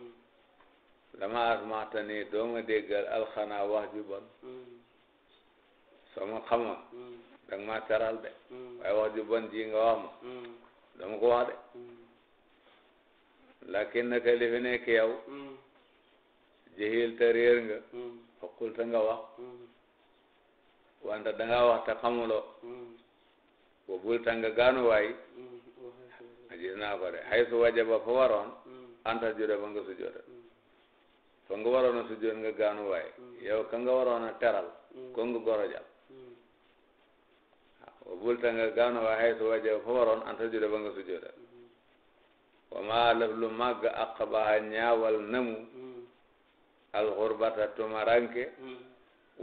lama asmaxta nii doo ma déggal alxanaa wax ju bon soo kag ma teral de hmm. waaye wax ju ji nga wax ma hmm. dama wax de hmm. lakin naka li fi nekk yow jahil te réer nga fokkul te nga wax wante danga wax te xamuloo bobul te nga gaanuwaay a gis naa ko de xay wajaba fa waroon anta jude ba nga sujjoode fa nga waroon a sujjood nga gaanuwaay yow ka nga waroon a teral ko nga gorojal wa bulta nga gaaw wa haytu waje fa waroon anta jude ba nga sujjooda wa maa lëf lu màgg aqbaha ñaawal namu alxurbata tumaranke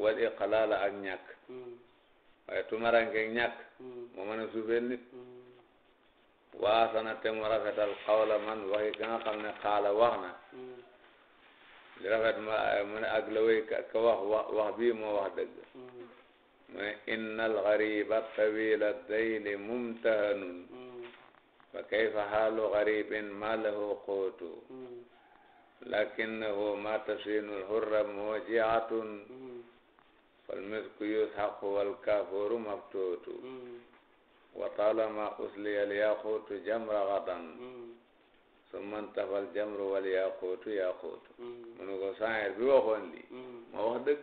wal iqlaala ak ñàkk waaye tumaranke ak moo mën a suufeel nit waasana te mu rafetal xawla man waxi ka nga ne xaala wax na li rafet ma mu ak la way ka wax wax bii moo wax dëgg ma inna alxariba tawila dayni mumtahanun fa kayfa xaalu xaribin ma lahu qootu lakinnahu ma tasinu lxurra mojiatun falmisku yusxaqu walkafuru mabtootu wa talama usliya alyaquutu jamra gadan summa intafa aljamru walyaquutu yaquutu mu ne ko saayir bi waxoon li ma wax dëgg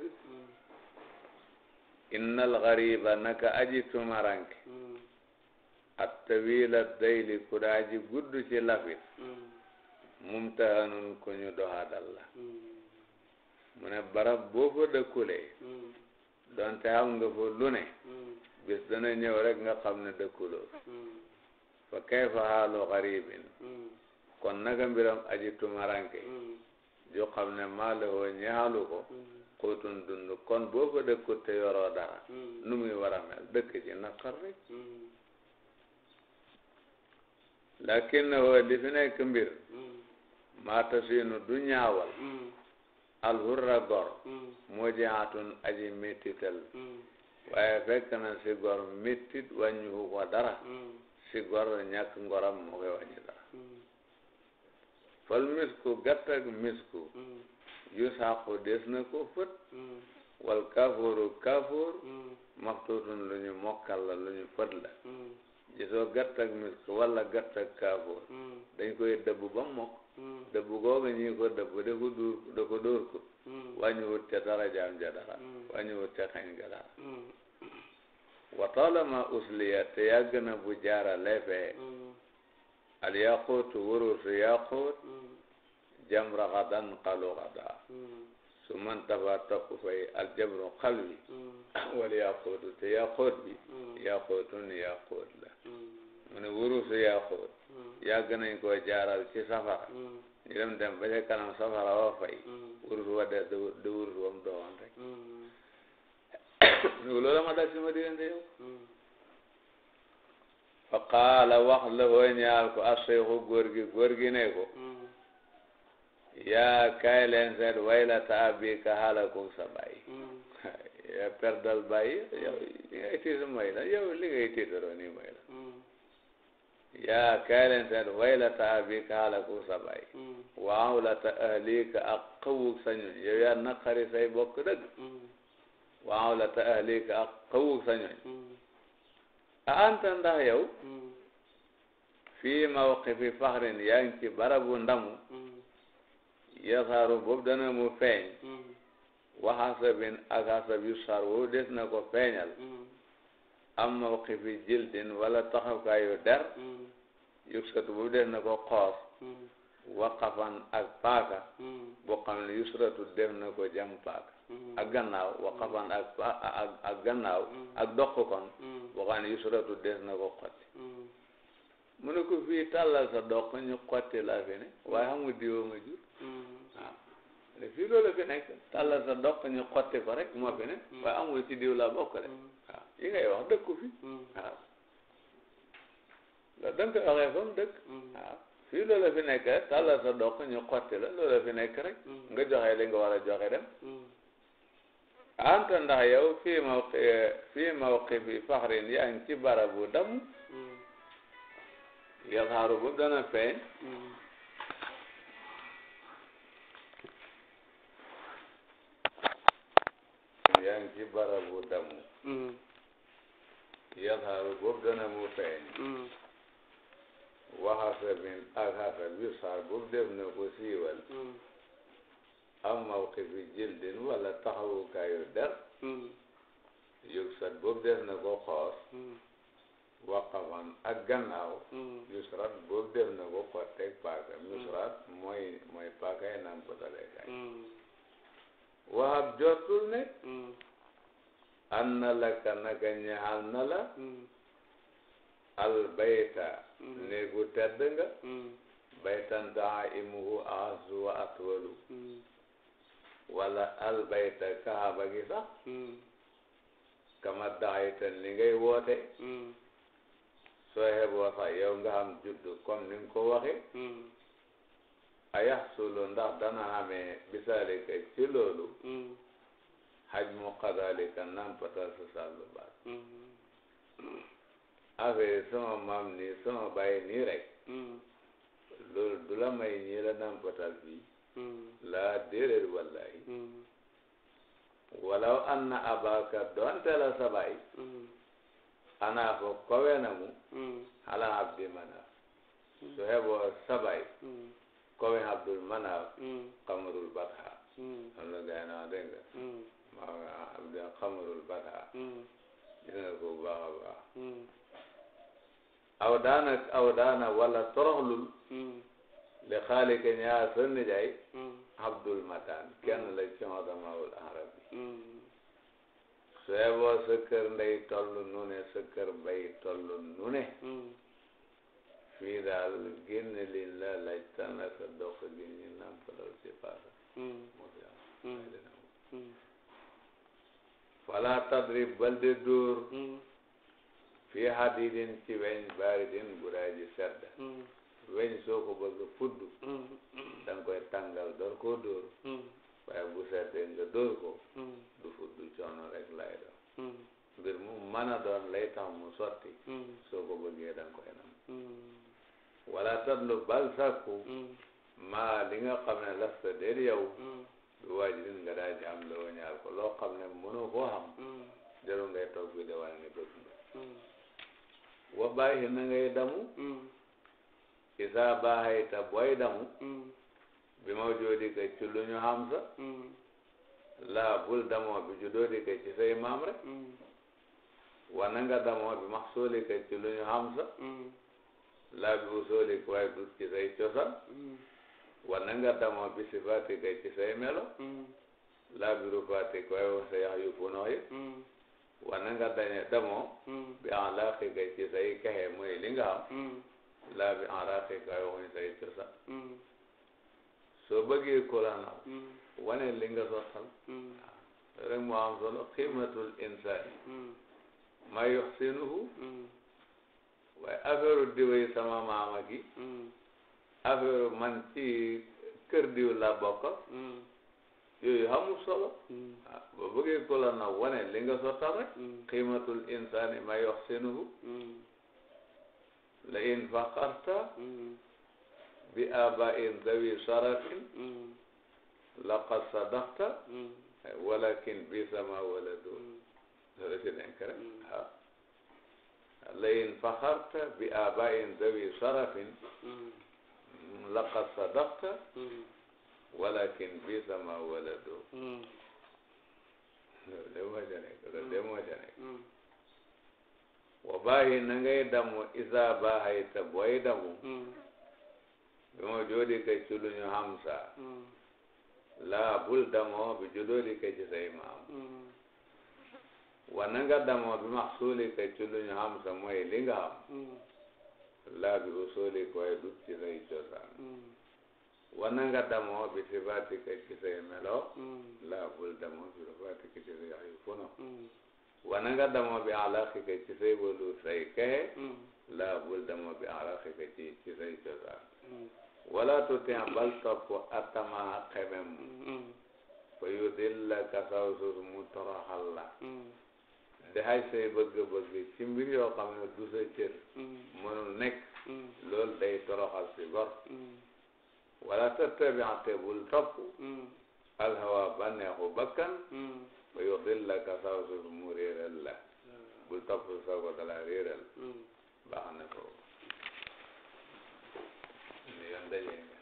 innal gariba naka aji tumaranke hmm. at tawila dayli kudaaji guddu ci lafit hmm. mumtahanun ku ñu doxadal la hmm. mu ne barab boo fa dëkkulee donte xam nga fa lu ne bis dana ñëw rek nga xam ne dëkkuloo fa kayfa xaalu garibin kon naka mbiram aji tumaranke ju xam ne maa la ñaalu ko xóotun dund kon boo ko dëkkut te yoroo dara hmm. nu muy war dëkk ci naqar rek hmm. lakin na woo li nekk mbir hmm. maata siinu du ñaawal alxurra gor moo jaatun aji méttital waaye fekk na si gor méttit wàññiwu ko dara si gor ñàkk ngoram moo koy wàññi dara fal misku gàtt ak yusaaqu des na ko fët mm. wal kafooru kafoor mm. maxtuutun lu ñu mokkal la lu ñu fët la mm. gisoo gàtt ak misk wala gàtt ak kaafoor dañ koy dëbb ba mokk dëbb googa ñi ko dëbb da ko dóor da ko dóor ko ca dara jaam ja dara wàññiwut ca xañ ga dara wa usliya te yàgg na bu jaara leefee al yaqootu waruusu yaqoot jamra xadan xalu xada su man tafa topp fay aljamru xal bi wala yaqootu te yaqoot bi yaqootun yaqoot la mu ne wurusu yaqoot yàgg nañ koo jaaral ci safara ñu dem dem ba ca kanam safara wa fay wurus wa des de wurus wam doon rek ñu ko loolu ma dal ci ma diggante yow fa qaala wax la hoo ñaal ko asseexu góor gi góor gi ne ko yaa kaay leen seet wayla taa sa bàyyi yaa perdal bàyyi yow li ngay tiit mooy la yow li ngay yaa kaay leen seet wayla taa sa bàyyi waaw la ta ak xawuk sa ñoñ yow yaa naqari say bokk dëgg waaw la ta ak xawuk sa ñoñ a anta ndax yow fii mawqifi faxrin yaa ngi ci ndamu yaxaaru boobu dana mu feeñ mm-hmm. waxasabin ak xasab yu sar woowu des na ko feeñal mm-hmm. am mawqifi jildin wala taxawkaayu der mm-hmm. yuksatu boobu des na ko xoos waqafan ak paaka boo xam ne yusratu def na ko jam paaka ak ak ak ak des na ko xotti mu ne ko fii tàllal sa doq ñu xotti laa fi ne waaye xamul diwa ma jur Mm. Mm. Mm. fii loolu fi nekk tàllal sa dopp ñu xotti ko rek moo fi ne waaye amul ci diw laa bokk de waaw wax dëkku fi waaw loolu fi nekk rek tàllal sa dopp ñu loolu fi nekk rek nga joxe li nga war a joxe dem anta ndax yow fii mawqi fii mawqifi faxrin yaa ngi ci barabu damm bu dana feeñ yaa ngi ci barabu damu yaxaaru boobu dana mu feeñ waxasa min ak xasa bi saar boobu def na ko siiwal am mawqifi jildin wala taxawukaayu der yug boobu def na ko xoos waqafan ak gannaaw yusrat boobu def na ko xotteeg paaka yusrat mooy mooy paakay nampatale kay waxab jotul ne hmm. an na la ka hmm. naka ñaxal na la albayta hmm. néegu tedd nga baytan daa imuhu azu wa atwalu wala albayta kaaba gi sax kama daaytan li ngay woote soo xeboo sax yow nga judd comme ni ko waxe ayaxsulu ndax dana xamee bisaalika ci loolu xaj mu kadalika nampatal sa sàllu baat affaire sama maam nii sama bàyyi nii rek loolu du la may ñii la nampatal bi laa déeréer wallahi walaw an na abaka doonte la sa baay anaa ko kowe na mu xala abdi mana su xeboo comme Abdul Manaf. Qamarul hmm. Batha. Hmm. am na gars hmm. Batha. gis ko bu baax aw daana aw daana wala toroxlul. li xaali ka ñaar sa nijaay. Abdul Matan kenn la ci ulamaaul arab yi. soo yeboo sa kër ndey toll nu ne bay toll nu fii daal génne liñ la laaj tanaka dox gi ñu nampalal si paasa moo fi am wala tadrib balde dóor fii hadidin ci weñ baridin gudaay ji sedd weñ mm. soo ko bëgg fudd da koy mm. tàngal door koo dóor waaye mm. bu seddee nga dóor ko du fudd coono rek lay doon mbir mu mën a doon lay mu sotti soo ko bëggee da koy nam wala tablu bal sàkku maa mm. li nga xam ne lasta déer yow mm. du waajibin nga daa ji am loo ñaal ko loo xam ne mënoo koo xam mm. jaru ngay toog bi de wane ne bëgg nga wa bàyyi na ngay damu isa baaxayta booy damu bi ma joodi ka ci lu ñu xam sa laa bul damoo bi ju doodi ka ci say maam rek wa na nga damoo bi max sooli ka ci lu ñu xam sa laa bi usooli ku waaye ci say cosaan mm. wana nga dama bi sifaati kay ci say melo mm. laa bi rufaati ku waaye wasa yax yu funoo yi mm. wana nga dañe damoo bi alaaqi kay ci say kexe mooy li nga am laa bi alaaqi ku waaye say cosaan soo bëggee kuraanaw wane li nga sottal rek mu am solo qiimatul insaani ma yuxsinuhu waaye affaire diw sama maama gi. Mm. affaire man ci kër diw la bokk. Mm. yooyu amul solo. Mm. ah bëggee ko la li nga sottal rek. qiimatul insaani ma yoxsinuhu. la in faqarta. bi abain dawi sharafin. laqad sadaqta. walakin bi sama wala doon. loolu ci nekk rek ah. la faxarta bi abain dawi sarafin laqad sadaqta walakin bi sama walado loolu de moo ca nekk loolu de moo ca nekk wa bàyyi na ngay damu isa baaxayta booy damu bi moo joodi ci lu ñu hamsa laa bul damoo bi jodoodi ci say maam war na nga damoo bi max suuli ka ñu xam sa mooy li nga xam mm. laa bi usuli ko ay dut ci say cosaan mm. war nga damoo bi sifaati ka ci say melo mm. laa bul damoo bi sifaati ka ci say ay funo war bi alaxi ka ci say say kaye laa bul damoo bi alaxi ka ci ci say cosaan wala tutin bal topp atama xemem fa yudil la ka saw sus mu toroxal la intihaaj say bëgg-bëgg ci mbir yoo xam ne du sa mm. mënul nekk mm. loolu day toroxal si bor mm. wala tattabiate bul topp alhawa bànneexu bakkan ba yudillaka saw su mu réeral la bul topp soo ko dala réeral baax na foofu ni yoon dajee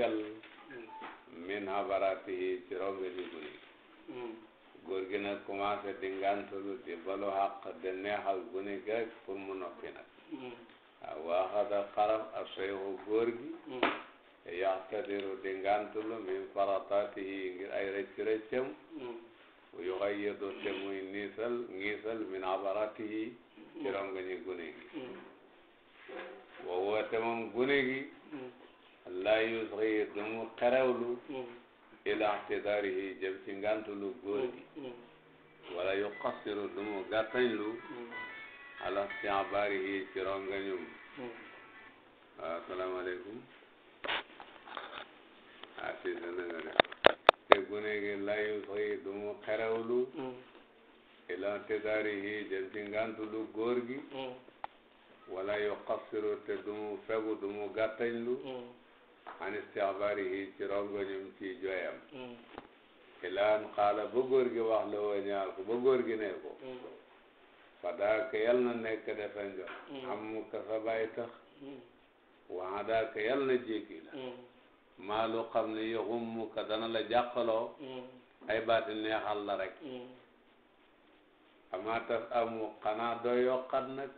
Hmm. Hmm. sell hmm. e min habaraatihi ci ronge ni guni góor gi commencé di ngantalu balu xaq di neexal guni gi mu noppi nag waaw a seyxu góor gi yaxtadiru min farataatihi ngir ay rëcc rëccam yu xayyidu te min habaraatihi ci ronge ni guni gi laa yusri du mu ila ixtidaarihi jëm ci góor gi wala yu xasiru du mu gàttañlu ala ci rongañum waaw asalaamaaleykum ah si sa te gune gi laa yusri du mu ila ixtidaarihi jëm ci góor gi wala yu xasiru te du mu fegu du mu an istixbaarihi ci rongoñam ci jooyam mm. ilaan xaala ba góor gi wax la woo ko ba góor gi ne ko mm. fadaaka yal na nekk defe nga mm. am ka sa baay tax waa daaka yal na jéggi la maa lu xam ne yoxum ka dana la jàqaloo ay baati neexal la rek ama tas amu xanaa doo yokkat nag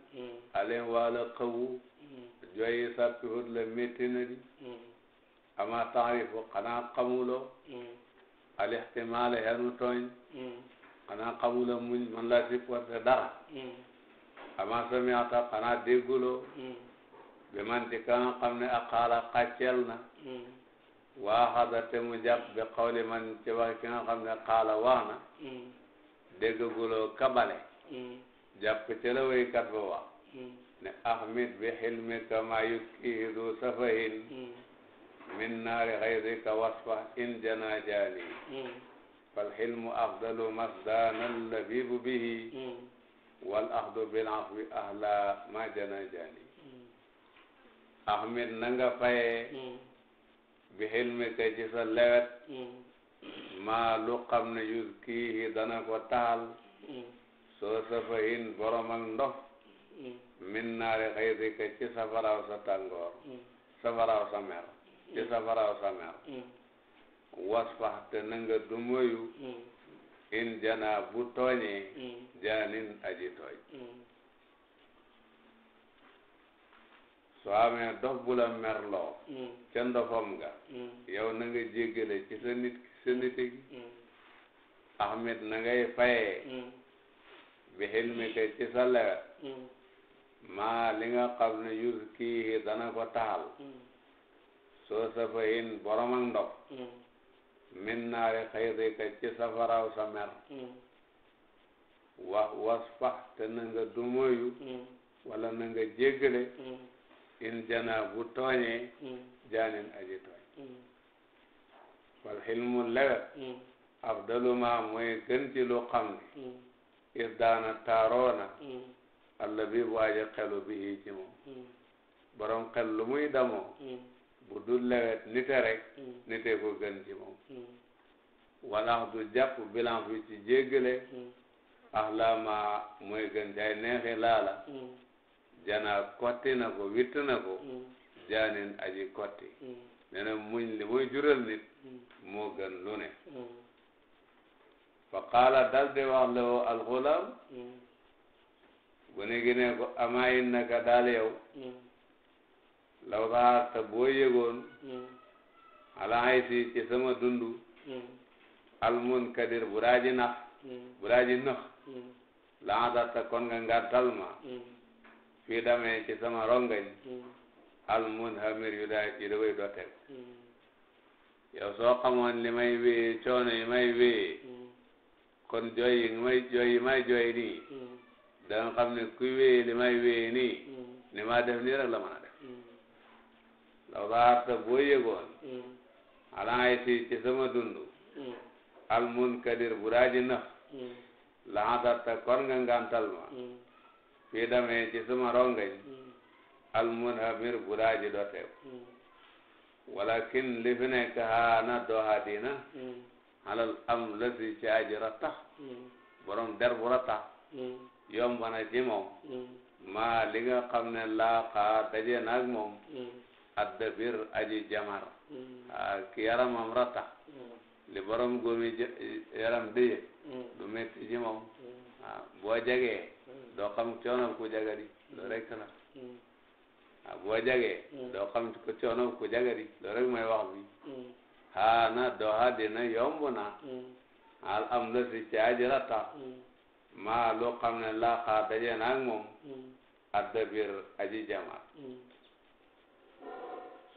aleen waala xawu jooyi sàppi hut la métti na di ama taarifu xanaa xamuloo mm. al ixtimaale xenu tooñ mm. xanaa xamuloo muñ man la supporté dara mm. ama samiata xanaa dégguloo bi man ci ka nga xam ne ak xaala xàcceel na waa te mu jàpp bi xawli man ci wax ki ne xaala wax na déggaguloo kabale jàpp ci la waykat ba wax ne ahmid bi xilmi kama yukkihi du safahin min naari xaydika wasfa in jana jaali hmm. fal xilmu afdalu masdaana labibu bihi hmm. wal axdu bil afwi ahla ma jana jaali hmm. ahmid na nga fayee bi xilmika ci sa lewet maa lu xam ne yuskiihi dana ko taal soo safahin borom ak ndof min naari xaydika ci safaraw sa tàngoor safaraw sa mer ci safaraw sa mer mm. wasfax te na nga dumoyu mm. in janaa bu tooñee mm. jaanin aji tooñ soo amee dox bu la merloo ca ndofam nga yow na nga jéggale ci sa nit sa nite ahmet na ngay fayee bi xilmi ka ci sa lewet maa li nga xam ne yus kii dana ko taxal soo safahin borom ak ndox min naari xaydika ci safaraw sa mer wax was te na nga dumoyu wala na jéggale in jana bu tooñee jaanin aji tooñ wal xilmu lewet abdaluma mooy gën ci lu xam gi is daana taaroona alla bi waaja xelu bi ci moom borom xel lu muy damoo bu dul lewet nite rek hmm. nite ko gën ci moom hmm. wala du jàpp bilan fi ci jéggale hmm. axlaama mooy gën jaay neexe laala jana kotti na ko witt na ko jaanin aji kotti nee muñ li muy jural nit moo gën lu ne fa qaala dal de wax la woo alxulaam bu ne gi ne ko amayin naka daal yow law saa te boo yëgoon hmm. ala hay si ci sama dundu hmm. almun kadir buraaji nax hmm. buraaji nax laata te kon nga ma fii damee ci sama rongañ almun hamir yu daa da way dootel yow soo xamoon li may wéyee coono yi may kon jooy yi jooy yi may jooy ne kuy wéyee li may wéyee nii ni maa def rek la mën a law zaharta boo yëgoon alaa ay si ci sama dund al munkadir bu daaji nëf la hadarta kon nga ma fii damee ci sama rongañ al munhamir bu daaji dotew walakin li fi nekk haana dohadina halal am la si ci aji rattax der bu rattax yomb na ci moom maa li nga xam ne daje naag moom addabir aji jamar hmm. ah, ki yaramam ratax hmm. li borom góomi yaram dëye hmm. du ji moom boo jegee doo xam coono ku jagari loolu rek la ah boo jagee doo xam coono ku jagari loolu rek ah, mooy wax bi haa na doxa dina yomb na al am la si ci aji ratax maa lu xam ne laa xaa daje naag moom aji jamar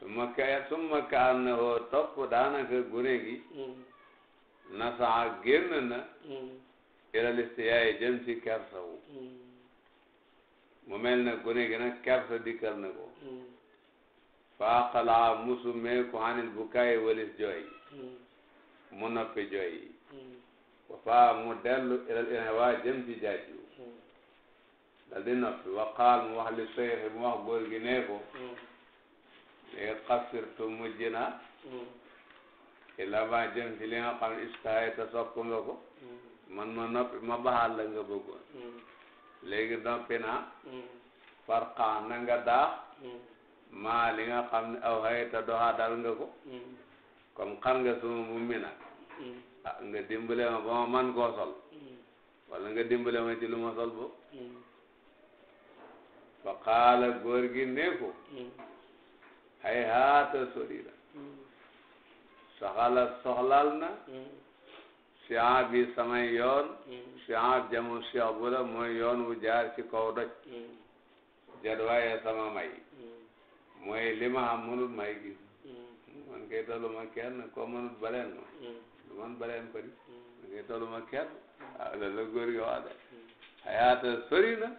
summa ka summa ka annahu topp daanaka gune gi. nasaa génn na. ilal istiyaay jëm ci kersa wu. mu mel ne gune gi nag na ko. faaqalaa musu mee ku anil bukaay walis jooy. mu noppi faa mu dellu ilal inhiwaa jëm ci jaaju. dal di waqaal mu wax li léegi xasirtu mujj ila hmm. ba jëm ci li nga xam ne istaay nga ko hmm. man ma noppi ma baxal la nga bëggoon hmm. léegi noppi naa farqa na nga daax maa li nga xam aw xëy te doxa dal nga ko comme xam nga suma mbubb ah, nga dimbale ma ba ma man koo sol wala nga dimbale ma ci lu bo fa qaala góor gi hay haata sori la soxala soxlaal na sian bi samay yoon sian jamu sian bu la mooy yoon wu jaar ci kaw doj jadwaaye sama may mooy li ma am may gis man kay toluma kenn koo mënut baleen ma lu man baleen ko di man kay toluma kenn waaw loolu la góor gi wax de hayaata sori na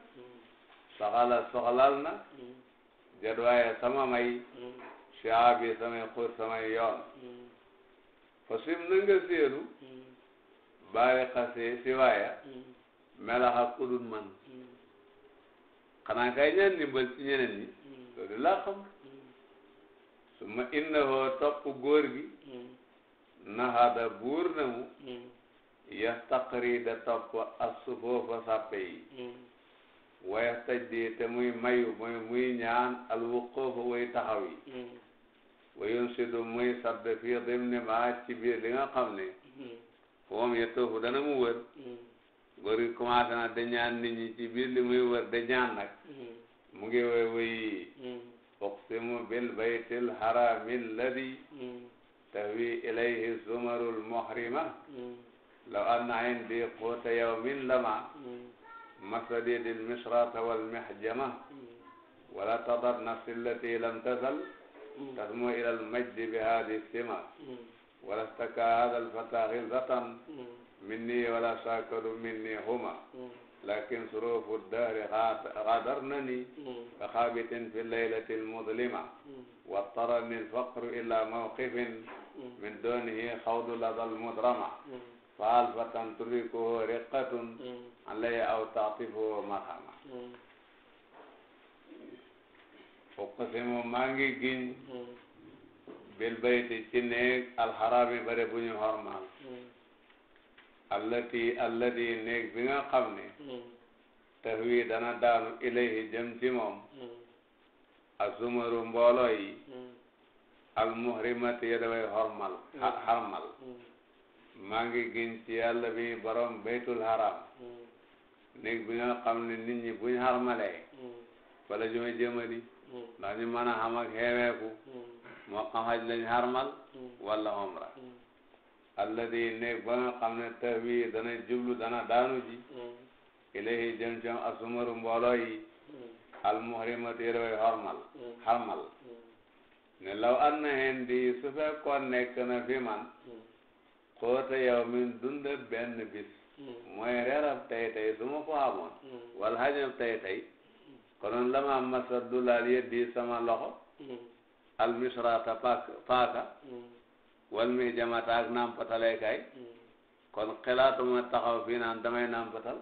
na jadwaaye sama may shaabi samay xur samay yoon fasim na nga seenu baari xase siwaaya melaxa kudul man xanaa kay ñaan ndimbal ci ñeneen ñi loolu laa xam su ma innahoo topp góor gi naxaada buur na mu yastaqrida topp asufoofa sàppe yi waaye taj di te muy mayu mooy muy ñaan al wuquufu taxaw yi hmm. wayun si du muy sabbe fii dim ne ci biir li nga xam ne moom hmm. yetoofu dana mu wër góor hmm. gi commencé na da ñaan nit ñi ci biir li muy wër da ñaan nag mu ngi woy woyi uqsimu bil baytil harami alladi tahwi ilayhi zumarul muhrima law anna indi quuta yawmin lama مسدد المشرة والمحجمة ولا تضر نفسي التي لم تزل تدمو إلى المجد بهذه السمة ولا استكى هذا الفتى غلظة مني ولا شاكر مني هما لكن ظروف الدهر غادرنني كخابت في الليلة المظلمة واضطرني الفقر إلى موقف من دونه خوض لظى المضرمة faal batan turikuhu riqatun hmm. alay aw taatifuhu marhama hmm. uqsimu maa ngi giñ hmm. bil bayti ci néeg alxarami bare bu ñu hormaal allati allati néeg bi nga xam ne tahwi dana daanu ilayhi jëm ci moom azumaru mbooloo yi almuhrimati ya hormal harmal maa ngi giñ ci yàlla bi borom baytul haram mm. néeg bi nga xam ne nit buñ xarmalee bala mm. ñoo jëmali mm. ndax ñu mën a xam ak xeeweeku moo xam xaj lañ xarmal wala omra alladi néeg ba nga xam ne tëx wi dana jublu dana daanu ji ilahi jëm ci asumaru mbooloo yi al muhrimat yi roy xarmal xarmal ne law an na hen di su fekkoon na fi xóota yow min dunda benn bis mooy reerab tay tay su ma ko amoon wal xañab tay tay konoon lama masa du laal yeddi sama loxo al misrata paaka paaka wal mi jamata ak nampatalekaay kon xelaatuma taxaw fii naan damay nampatal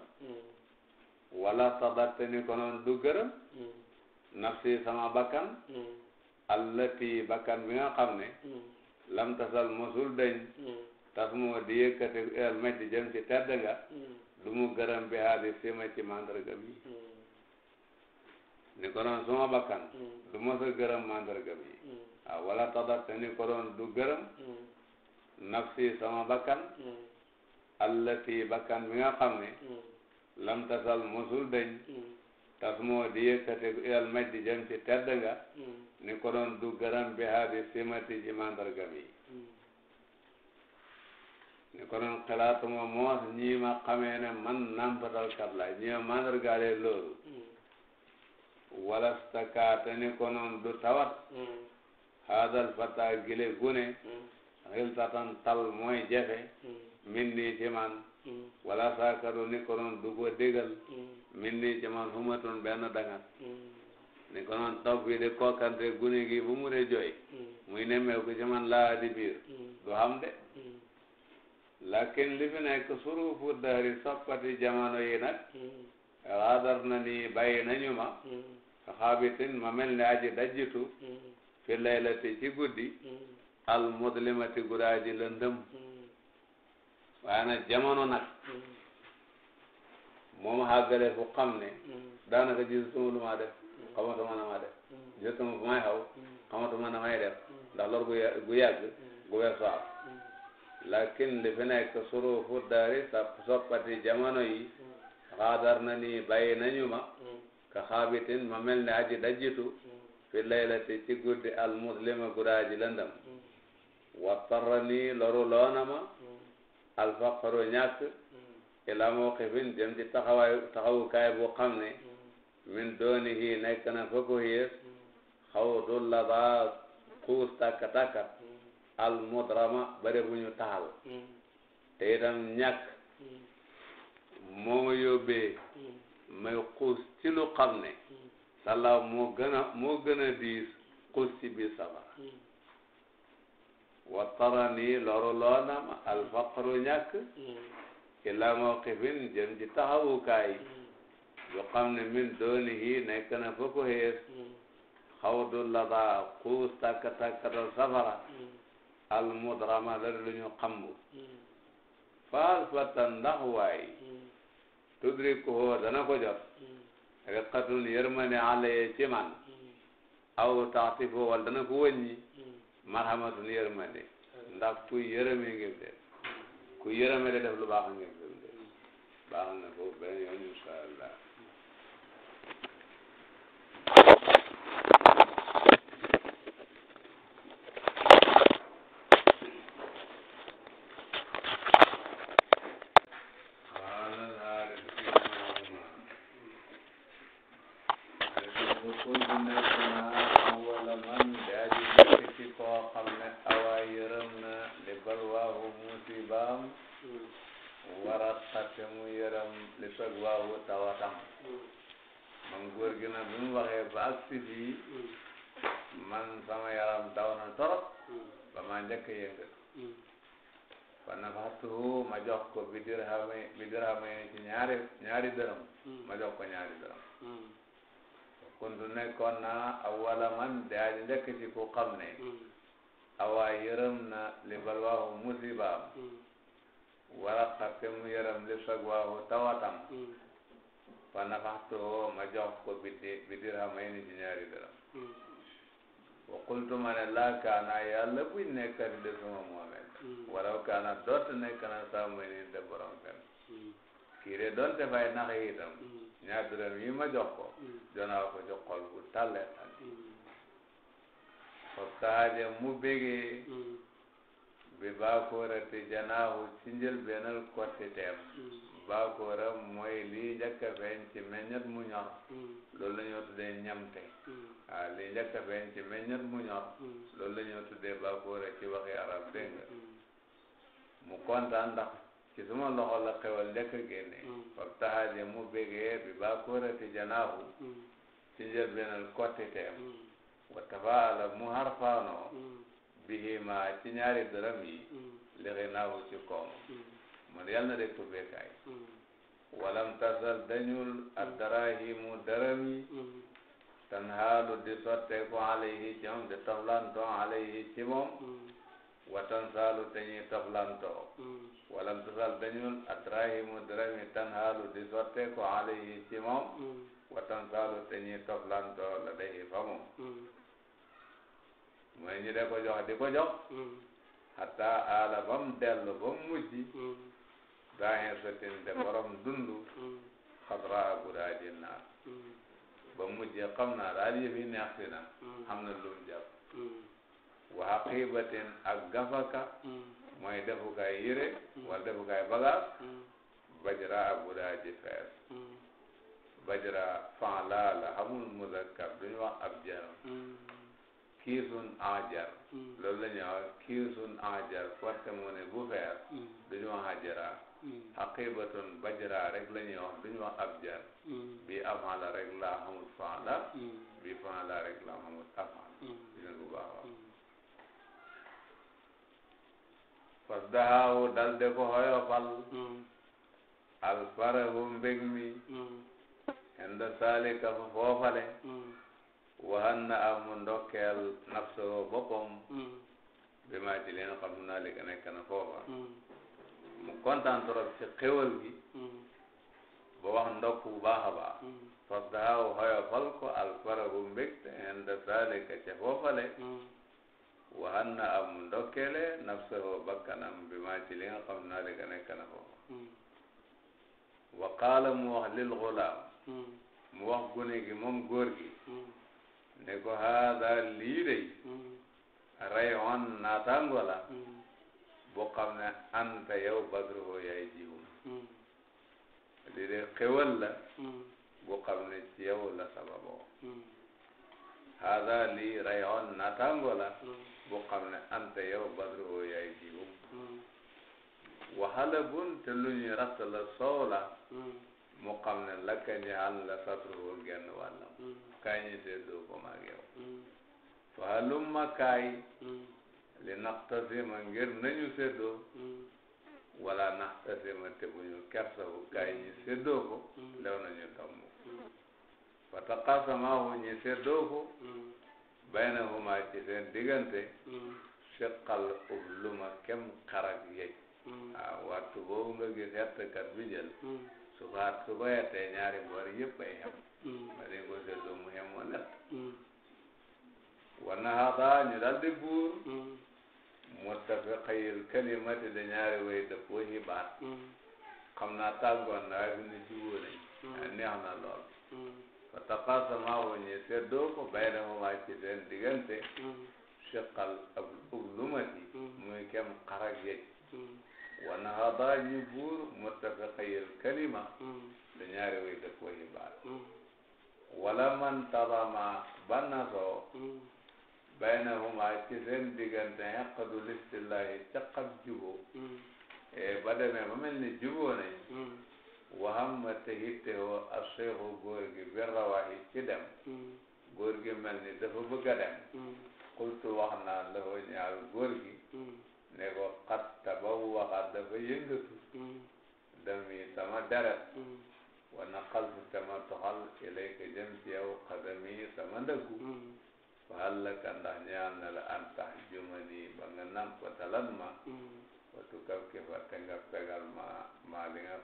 wala tabatte ni konoon du nafsi sama bakkan allati bakkan bi nga xam mm. lam tasal mosul dañ mm. tax moo di yëkkati el eh, ma di ci tedd nga hmm. lu mu gërëm bi haadi sima ci mandarga bi hmm. ni ko doon suma bakkan lu hmm. mos gërëm mandarga bi waaw ah, wala tadat ni ko doon du gërëm nafsi sama bakkan allati bakkan bi nga xam ne lam mosul dañ tas moo di yëkkati el eh, ma di ci tedd nga ni ko doon du gërëm bi haadi simati ci mandarga bi ne ko noon xalaatuma moos ñii ma xamee ne man nàmpatalkat la ñii ma mandargaale loolu mm. wala stakaate ni ko noon du tawat mm. haadal fata gile gune mm. xiltatan tal mooy jafe min nii ci man wala saakaru ni ko noon du ko dégal min nii ci man humatun benn dangat ni ko noon topp bi di gune gi bu mu de joy muy nemmee ko laa di biir du xam de lakin li fi nekk surufu daari soppati yi nag hmm. raadar na ni bàyyi nañu ma xaabitin hmm. ma mel ni aji dajjitu hmm. fi laylati ci guddi al mudlimati gudaaji lëndëm waaye nag jamono nag moom xàggale fu xam ne daanaka gisatuma lu ma def xamatuma na ma def gisatuma fu may xaw xamatuma na may def ndax lor gu yàgg gu weesu lakin li fi nekk surufu daari soppati jamono yi xaadar hmm. na ni bàyyi nañu ma hmm. ka xaabitin ma mel ne aji dajitu hmm. fi laylati ci guddi al muslima gudaaji lëndam wattarra ni loru loona ma al faqaru ñàkk ila mawqifin jëm ci taxawaayu taxawukaay bu xam ne min dooni hi nekk na fa ko xaw dul la xuus takka takka al mudrama bare bu ñu taal mm. te itam ñàkk mm. moo yóbbee mm. may xuus ci lu xam ne sala moo gën a moo gën a diis xuus ci biir safara wattara nii loru loona ma alfaqru ñàkk ila mawqifin jëm ci taxawukaay yu xam ne min dooni hii nekk na fa ko xees la daa xuus takk takkatal safara al mudrama la lu ñu xambu hmm. faas fatan ndax waay hmm. tudrikuhu ko jot hmm. riqatun yërmane alaye ci man aw taxtifu wal dana ko wëññi marhamatun yërmane ndax ku yërëme ngir def ku yërëme de def lu baax ngir baax na ko benn yoon insha nekkoon naa awala man de aji ci ku xam ne mm. awaa yërëm na li balwaahu musibaam mm. wala xatte mu yërëm li sagwaahu tawatam mm. fa nafaxtu woo ma jox ko biddi biddir xamay ni ci ñaari dërëm wa qultu ma ne laa kaana yàlla buñ nekkati de sama moomeel wala kaana doot nekk na saa muy de borom fenn kii de doon dafay nax itam mm. ñaar dërëm yi ma jox ko jonaa mm. ko jox xol bu tàlle tàlle mm. fastaaje mu bégee bi baakoora te janaahu ci njël benal kotti teem baakoora mooy lii njëkk a feeñ ci meññet mu ñor loolu la ñoo tuddee ñamte waaw lii njëkk a feeñ ci meññet mu ñor loolu la ñoo tuddee baakoora ci waxi arab dégg mu kontaan ci suma loxo la xewal lekk génne fabtahaje mu bégee bi baakoorati janaahu ci njëlbeenal kottiteem wa tafaala mu harfaanoo bihima ci ñaari dërëm yi lixinaahu ci koom mun yal na de tubbeekaay walam tasal dañul addarahimu dërëm yi tanhaalu di sotteeku alayhi ci moom di toflantoo alayhi ci moom wa tansaalu te wala tusal dañul adrahimu drami tanhaalu di sottee ko alayhi mm. watan saalu te ñuy toflantoo la day fa moom mm. de ko jox di ko jox mm. hatta aala ba dellu ba mu mujj dahen de borom dundu xadraa bu daa ji naar ba mujjee xam naa daal yëf yi na xam wa haqibatin ak gafaka mooy defukaay yére mm. wala defukaay bagage mm. bajra abudaa ji mm. bajra fan la xamul muzakkar duñu wax ab jar kiisun ajar loolu la ñuy wax kiisun ajar porte-monnaie ne bu fees ajara xaqibatun bajra rek la ñuy wax wax ab jar bi afan la rek laa xamul fan bi fan la rek laa xamul afan fasdahawu dal de ko hoyofal hmm. alfarahu mbég mi enda hmm. salika fa foofale hmm. wahanna amu ndokkeel nafsoo boppam bi ma ci leen xam naa li nekk na foofa mu kontaan trop ci xéwal gi ba wax ndokk bu baax a hoyofal ko alfarahu mbég te enda salika ca foofale waxaan na am ndokkele nafsahu bakkanam bi maa ci li nga xam naa li ka na ko hmm. wa qaala mu wax lil xulaam hmm. mu wax gune gi moom góor gi hmm. ne ko haada lii dey rayon naataango la boo xam ne anta yow badruhu yaay jiwum lii de xewal la boo xam ne ci yow la sababoo hada lii rayoon naataango la bu xam ne ante yow badru yaay jiwum waxala bun te lu ñuy ratt la soow mu xam ne lakka ñaal la satruhu genn wàllam kaay ñu seddoo ko maag yow fa halumma kaay li naqtasima ngir nañu seddoo wala naqtasima te bu ñu kersawu kaay ñu seddoo ko lew nañu tomb fa taqasamahu ñi seddoo ko mm. baynahuma ci seen diggante mm. siqal ubluma kem xarag yëj mm. waaw waxtu boobu gis xettkat bi jël su faat su ko xettee ñaari boor yëpp ma di ko seddoo mu xem moo nett wana hada ñu dal di buur muttafiqayil kalimati da ñaari way dëppoo ñi baat xam naa tàggoon na waaye fi ne jubóo nañ neex na lool fa taqasama wu ñu seddoo ko baynahuma ci seen diggante hmm. siqal ab lumati hmm. muy kem xarag yej hmm. wana hadaa ñu buur muttafiqayil kalima da ñaari way dëpp wayi baat wala man talama ba nasoo baynahuma ci seen diggante yaqadu listillahi caqab jubo e ba demee ba mel ni juboo nañ waxam ma te hitte woo ab seexu góor gi bi rawaxi ci dem góor gi mel ni dafa bëgg a dem xultu wax naa la ko ñaal góor gi hmm. ne ko xat tabaw waxaat dafa yëngatu hmm. dami sama deret hmm. wana xaltu sama toxal ilayka jëm ci yow xadami sama ndëggu fa hallaka ndax ñaan na la an tax jumani ba nga nam ko talan ma watu kaw ki fa te nga fegal ma maa li nga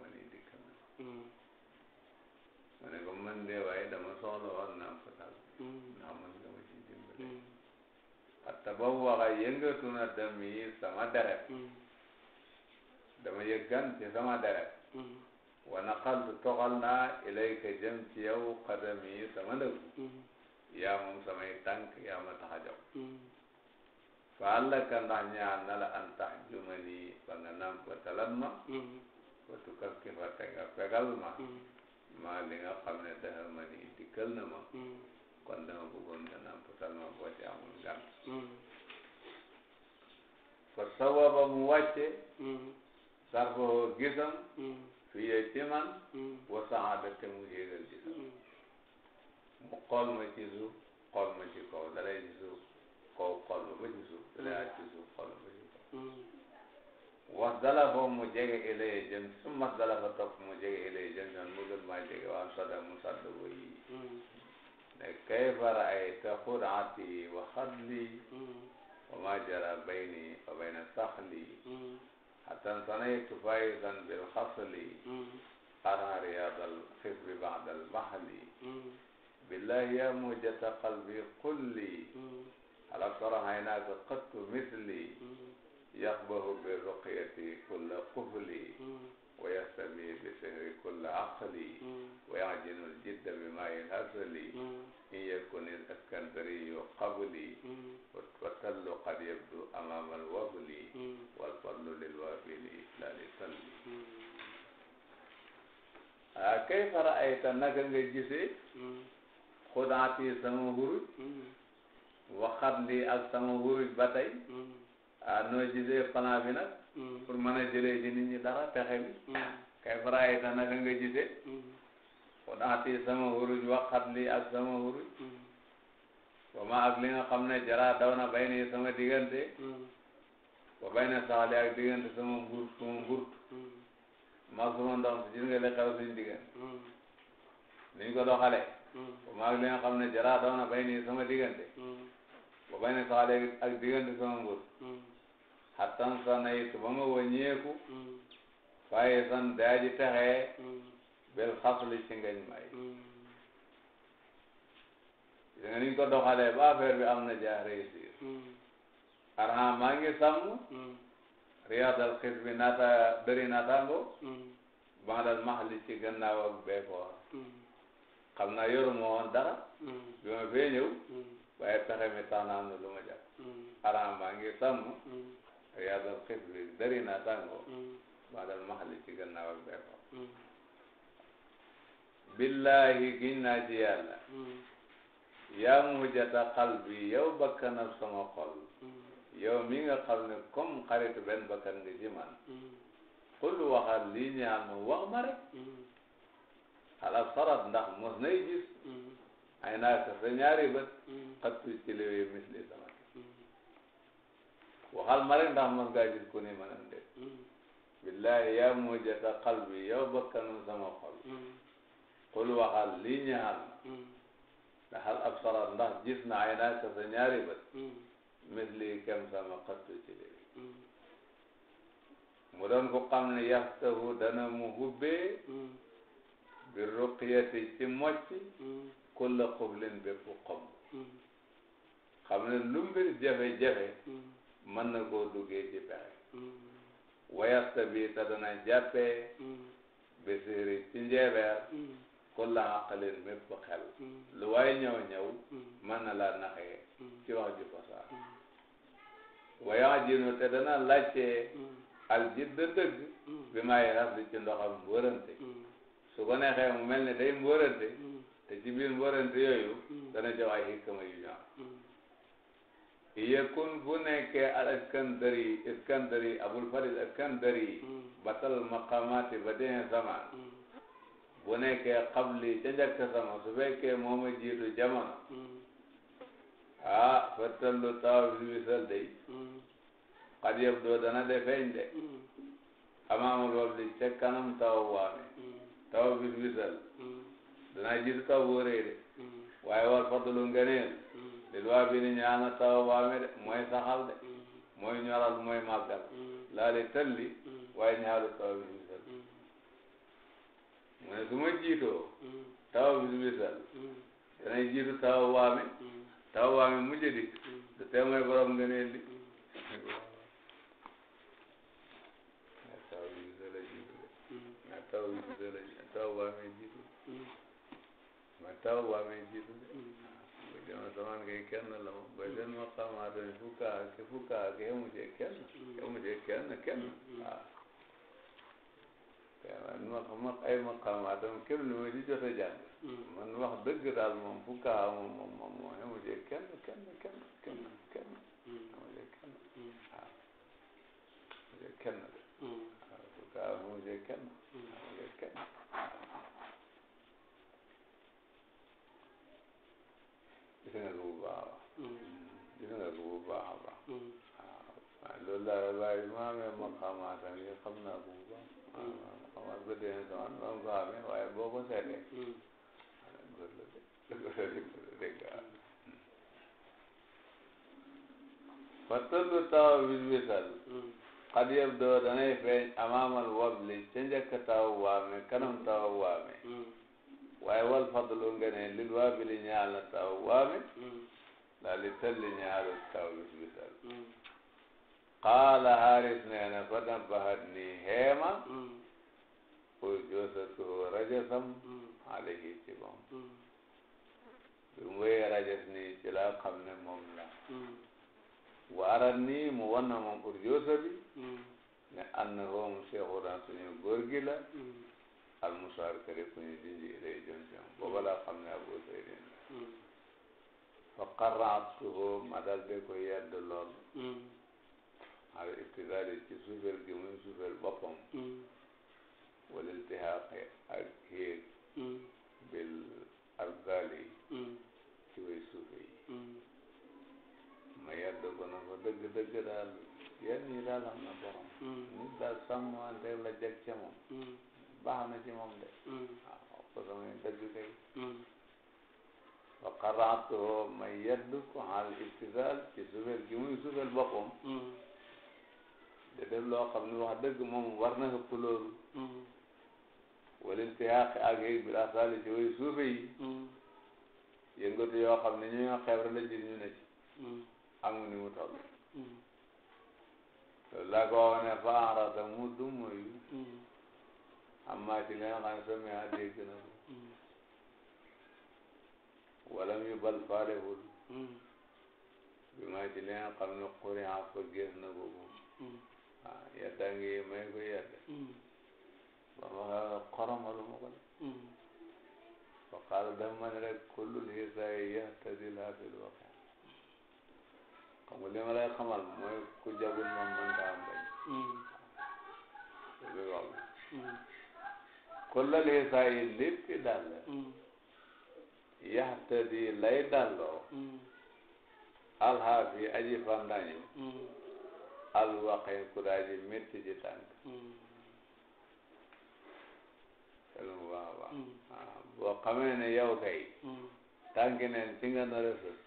ma ni dikk mm. ma ne ko man de waaye dama soxla woon naa man mm. nga ma ci dimbale hatta mm. boobu waxa yëngatu na dem sama deret dama yëggan ci sama deret wana xaltu toxal naa ilayka jëm ci yow xadam yi sama ndëg yaa moom samay tànk yaa ma tax fa àllaka ndax ñaar na la an tax juma nii ma watu ki fa te ma maa li nga ma nii dikkal na ma kon dama bëggoon nga ma boo ci amul ngant fa sawaba mu wàcce sarfoo gisam fiyee ci man ma ci suuf xool ma ci kaw dalay ci kaw xool ba ci suuf leeral ci suuf xool ba ci kaw. Hmm. wasdala foofu mu jege ilay jëm su masdala fa topp mu jege ilay jëm ñoom mu gën maa jege waa sada mu sadd ba yi. Hmm. ne kayfa raayta xuraati wa xadli. Hmm. wa ma jara bayni wa bayna saxli. حتى ثنيت فايزا بالخصل أرى رياض الخفر بعد المحل بالله يا موجة قلبي قل لي alam tara aynaka qattu misli yaqbahu bi ruqyati kulla qufli wa yastami bi sihri kulla aqli wa yajinu ljidda bi mayin asali in yakun il askandariyu qabli wa tallu qad yabdu amama alwabli wal fadlu lilwabili la li talli ah kayfa raayta naka nga gisee xudaati sama huruj waxat lii ak sama wuruj ba tey mm-hmm. ah noo gisee plan bi nag mm-hmm. pour mën a jëlee ci dara pexe bi mm-hmm. kay faraay ta naka nga gisee wadaati ah, sama wuruj waxat li ak sama wuruj wa ak li nga xam ne jara daw na bay ni sama diggante wa bay na ak diggante sama mbur sama mburt maag sama ndox si gis nga li xew ko doxalee wa ak li nga ne jara daw na bay ni sama ba ba ne sax léegi ak diggante sama nguur. Hmm. xattan sana it ba ma wàññeeku. Hmm. waaye san daaji texee. Hmm. bel xasli ci ngañ may. gis nga niñ ko doxalee ba affaire bi am na jaa réussir. arhan maa ngi sàmm. riyaadal xis bi naata dëri naataango. bandal maxli ci gannaaw ak beekoor. xam naa yoruma woon dara. bi ma fee ñëw. waaye pexe mi tax na am na hmm. lu ma jàpp xaram baa ngi sàmm riyaadal xis bi dari na tàngo maa hmm. dal maxali ci gannaaw ak beko hmm. billahi giñ naa ci yàlla yaa mujjata qalbi yow bakkanal sama xol yow mi nga xam ne comme xaritu benn bakkan nga man xul waxal lii ñaan wax ma rek xalaat farat ndax mos nay gis ay naa sa ñaari bët xattu ci liwee misli sama waxal ma rek ndax man ngaa gis ku ni manam de billahi yaa mujjata qalbi yow bakkanu sama xol xul waxal lii ñaal ma ndaxal absara ndax gis na ay naa sa sa ñaari bët misli kem sama xattu ci liwee mu doon ko xam ne yaxtahu dana mu hubbee bi ruqyati ci mocci kulla xublin bépp xob xam ne lu mbir jafe-jafe mën na koo duggee pexe wayasta bi te dana jàppee béséeri ci njeebeer kulla aqalin bépp xel lu waaye ñëw ñëw na laa naxee ci wax ju fasaa waya jinu te dana laajtee aljid da dëgg bi maay di ci ndoxam mbóorante su mu mel ni day mbóorante te ci biir mboolante yooyu. dana jawaay xikma yu ñor. yekun bu nekkee al iskandari iskandari abul farid iskandari. Mm. batal maqamaati ba dee zaman. bu mm. nekkee qabli mm. ca sama su fekkee moom a jiitu jamono. ah fëttal lu taw bi misal day. xad yëpp doo de feeñ de. amaamul wabli ca kanam taw waame. taw bi danaa gis taw boo de mm. waaye wal fadlu ngëneel mm. lil waa bi ni ñaa taw baame de mooy saxal de mm. mooy ñoral mooy màggal laali talli waaye ñaalu taw bi misal mu ne su ma taw bi misal danay jiitu taw waame taw waame mujj dikk du tee mooy borom ngëneel li taw bi misal la jiitu de taw bi misal la taw waame jiitu taw ba amee jiitu de bu jëm asamaan kay kenn la moom ba seen maqaamaat yi fukka ak fukka ak yemu cee kenn yemu cee kenn kenn waaw waaw man ay maqaamaatam képp lu ma ci jot a jàng man wax dëgg daal moom fukka moom moom moom moom yemu cee kenn kenn kenn kenn kenn yemu cee kenn waaw yemu cee kenn de waaw fukka yemu cee kenn yemu cee kenn business bu baax business bu baax a baax waaw loolu daal waaye bi ma amee maqaama tamit xam naa ko bu baax waaw man ba déwén sama noonu ko amee waaye boo ko seetee fatollu taw bil wisal xad yëpp doo danay feeñ amaamal wabli ca njëkk taw waame kanam taw waame waaye wal fadlu nga ne lil waabili ñaala taw waame laa hmm. li talli ñaala taw bis bisal hmm. qaala haris nee na fa nabahat ni heema pour hmm. joosatuhu rajasam alayhi ci moom bi mu rajas nii ci laa ne moom la waarat mu wan na moom joosa bi ne annahu moom seexu daan suñu góor gi la al musaar kari ku ñu junj ilay jëm jëm booba laa xam ne abu saydin la hmm. fa qarraatuhu ma de ko yedd lool hmm. al ibtidaali ci suufel gi muy suufel boppam hmm. wal iltihaaqi ak héeg bil ardaali ci way suufe ma yedd ko na ko dëgg daal yenn yi daal am na borom nit daal sàmmante la jag ca baax na ci moom de. Hmm. waaw ko samay dëgg kay. Hmm. wa qaraatu ma yedd ko xaal ibtidaal ci sufeel gi muy sufeel boppam. Hmm. de def loo xam ne wax dëgg moom war na ëpp loolu. wala iltihaaqi ak yéeg bi laa saali ci way suufe yi. yëngatu yoo xam ne ñoo xebre la ji ñu ne ci. amu ni mu toll. loolu laa ko ne fa arada mu dummoyu. amma ci li nga xam ne soo mii ah dégg bal faale wul. bi ma ci li nga xam ne xuri ah ko gis na ko moom. ah yàlla ngi may ko yàlla. ba ma xaaral xoromalu ma ko la. ba xaaral dafa ma rek kullu hisaay yahtadi laa fil waqa. xam nga li ma lay xamal mooy ku jagul moom mën daa am bañ. loolu la. kulla li saa yi léppi dàll mm. yaxtadi lay dàlloo mm. alxaafi aji fandañu mm. alwaqe kuraaji métti ji tànk telu bu baax a boo xamee ne yow kay tànki neen ci nga nara sës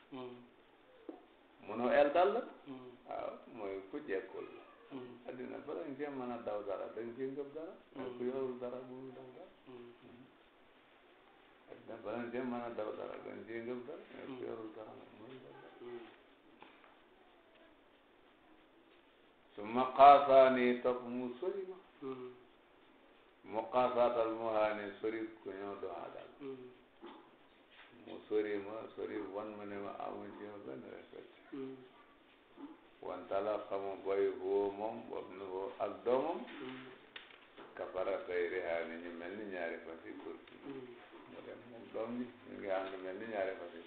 munoo el dàll waaw ah, mooy ku jekkul addina bala nga cee mën a daw dara da nga cee ngëb dara ak ku yorul dara mënul daw dara addina bala nga cee mën a daw dara ma mu xaasaatal mu haani sori ku ñëw doon ma sori wan ma ne ma amuñ ci ma benn wantala xamu bayu boo moom wab nu hoo ak doomam kafara tayri haa ni ñu mel ni ñaari fasi kursi mu dem moom doom bi ñu ngi ànd mel ni ñaari fasi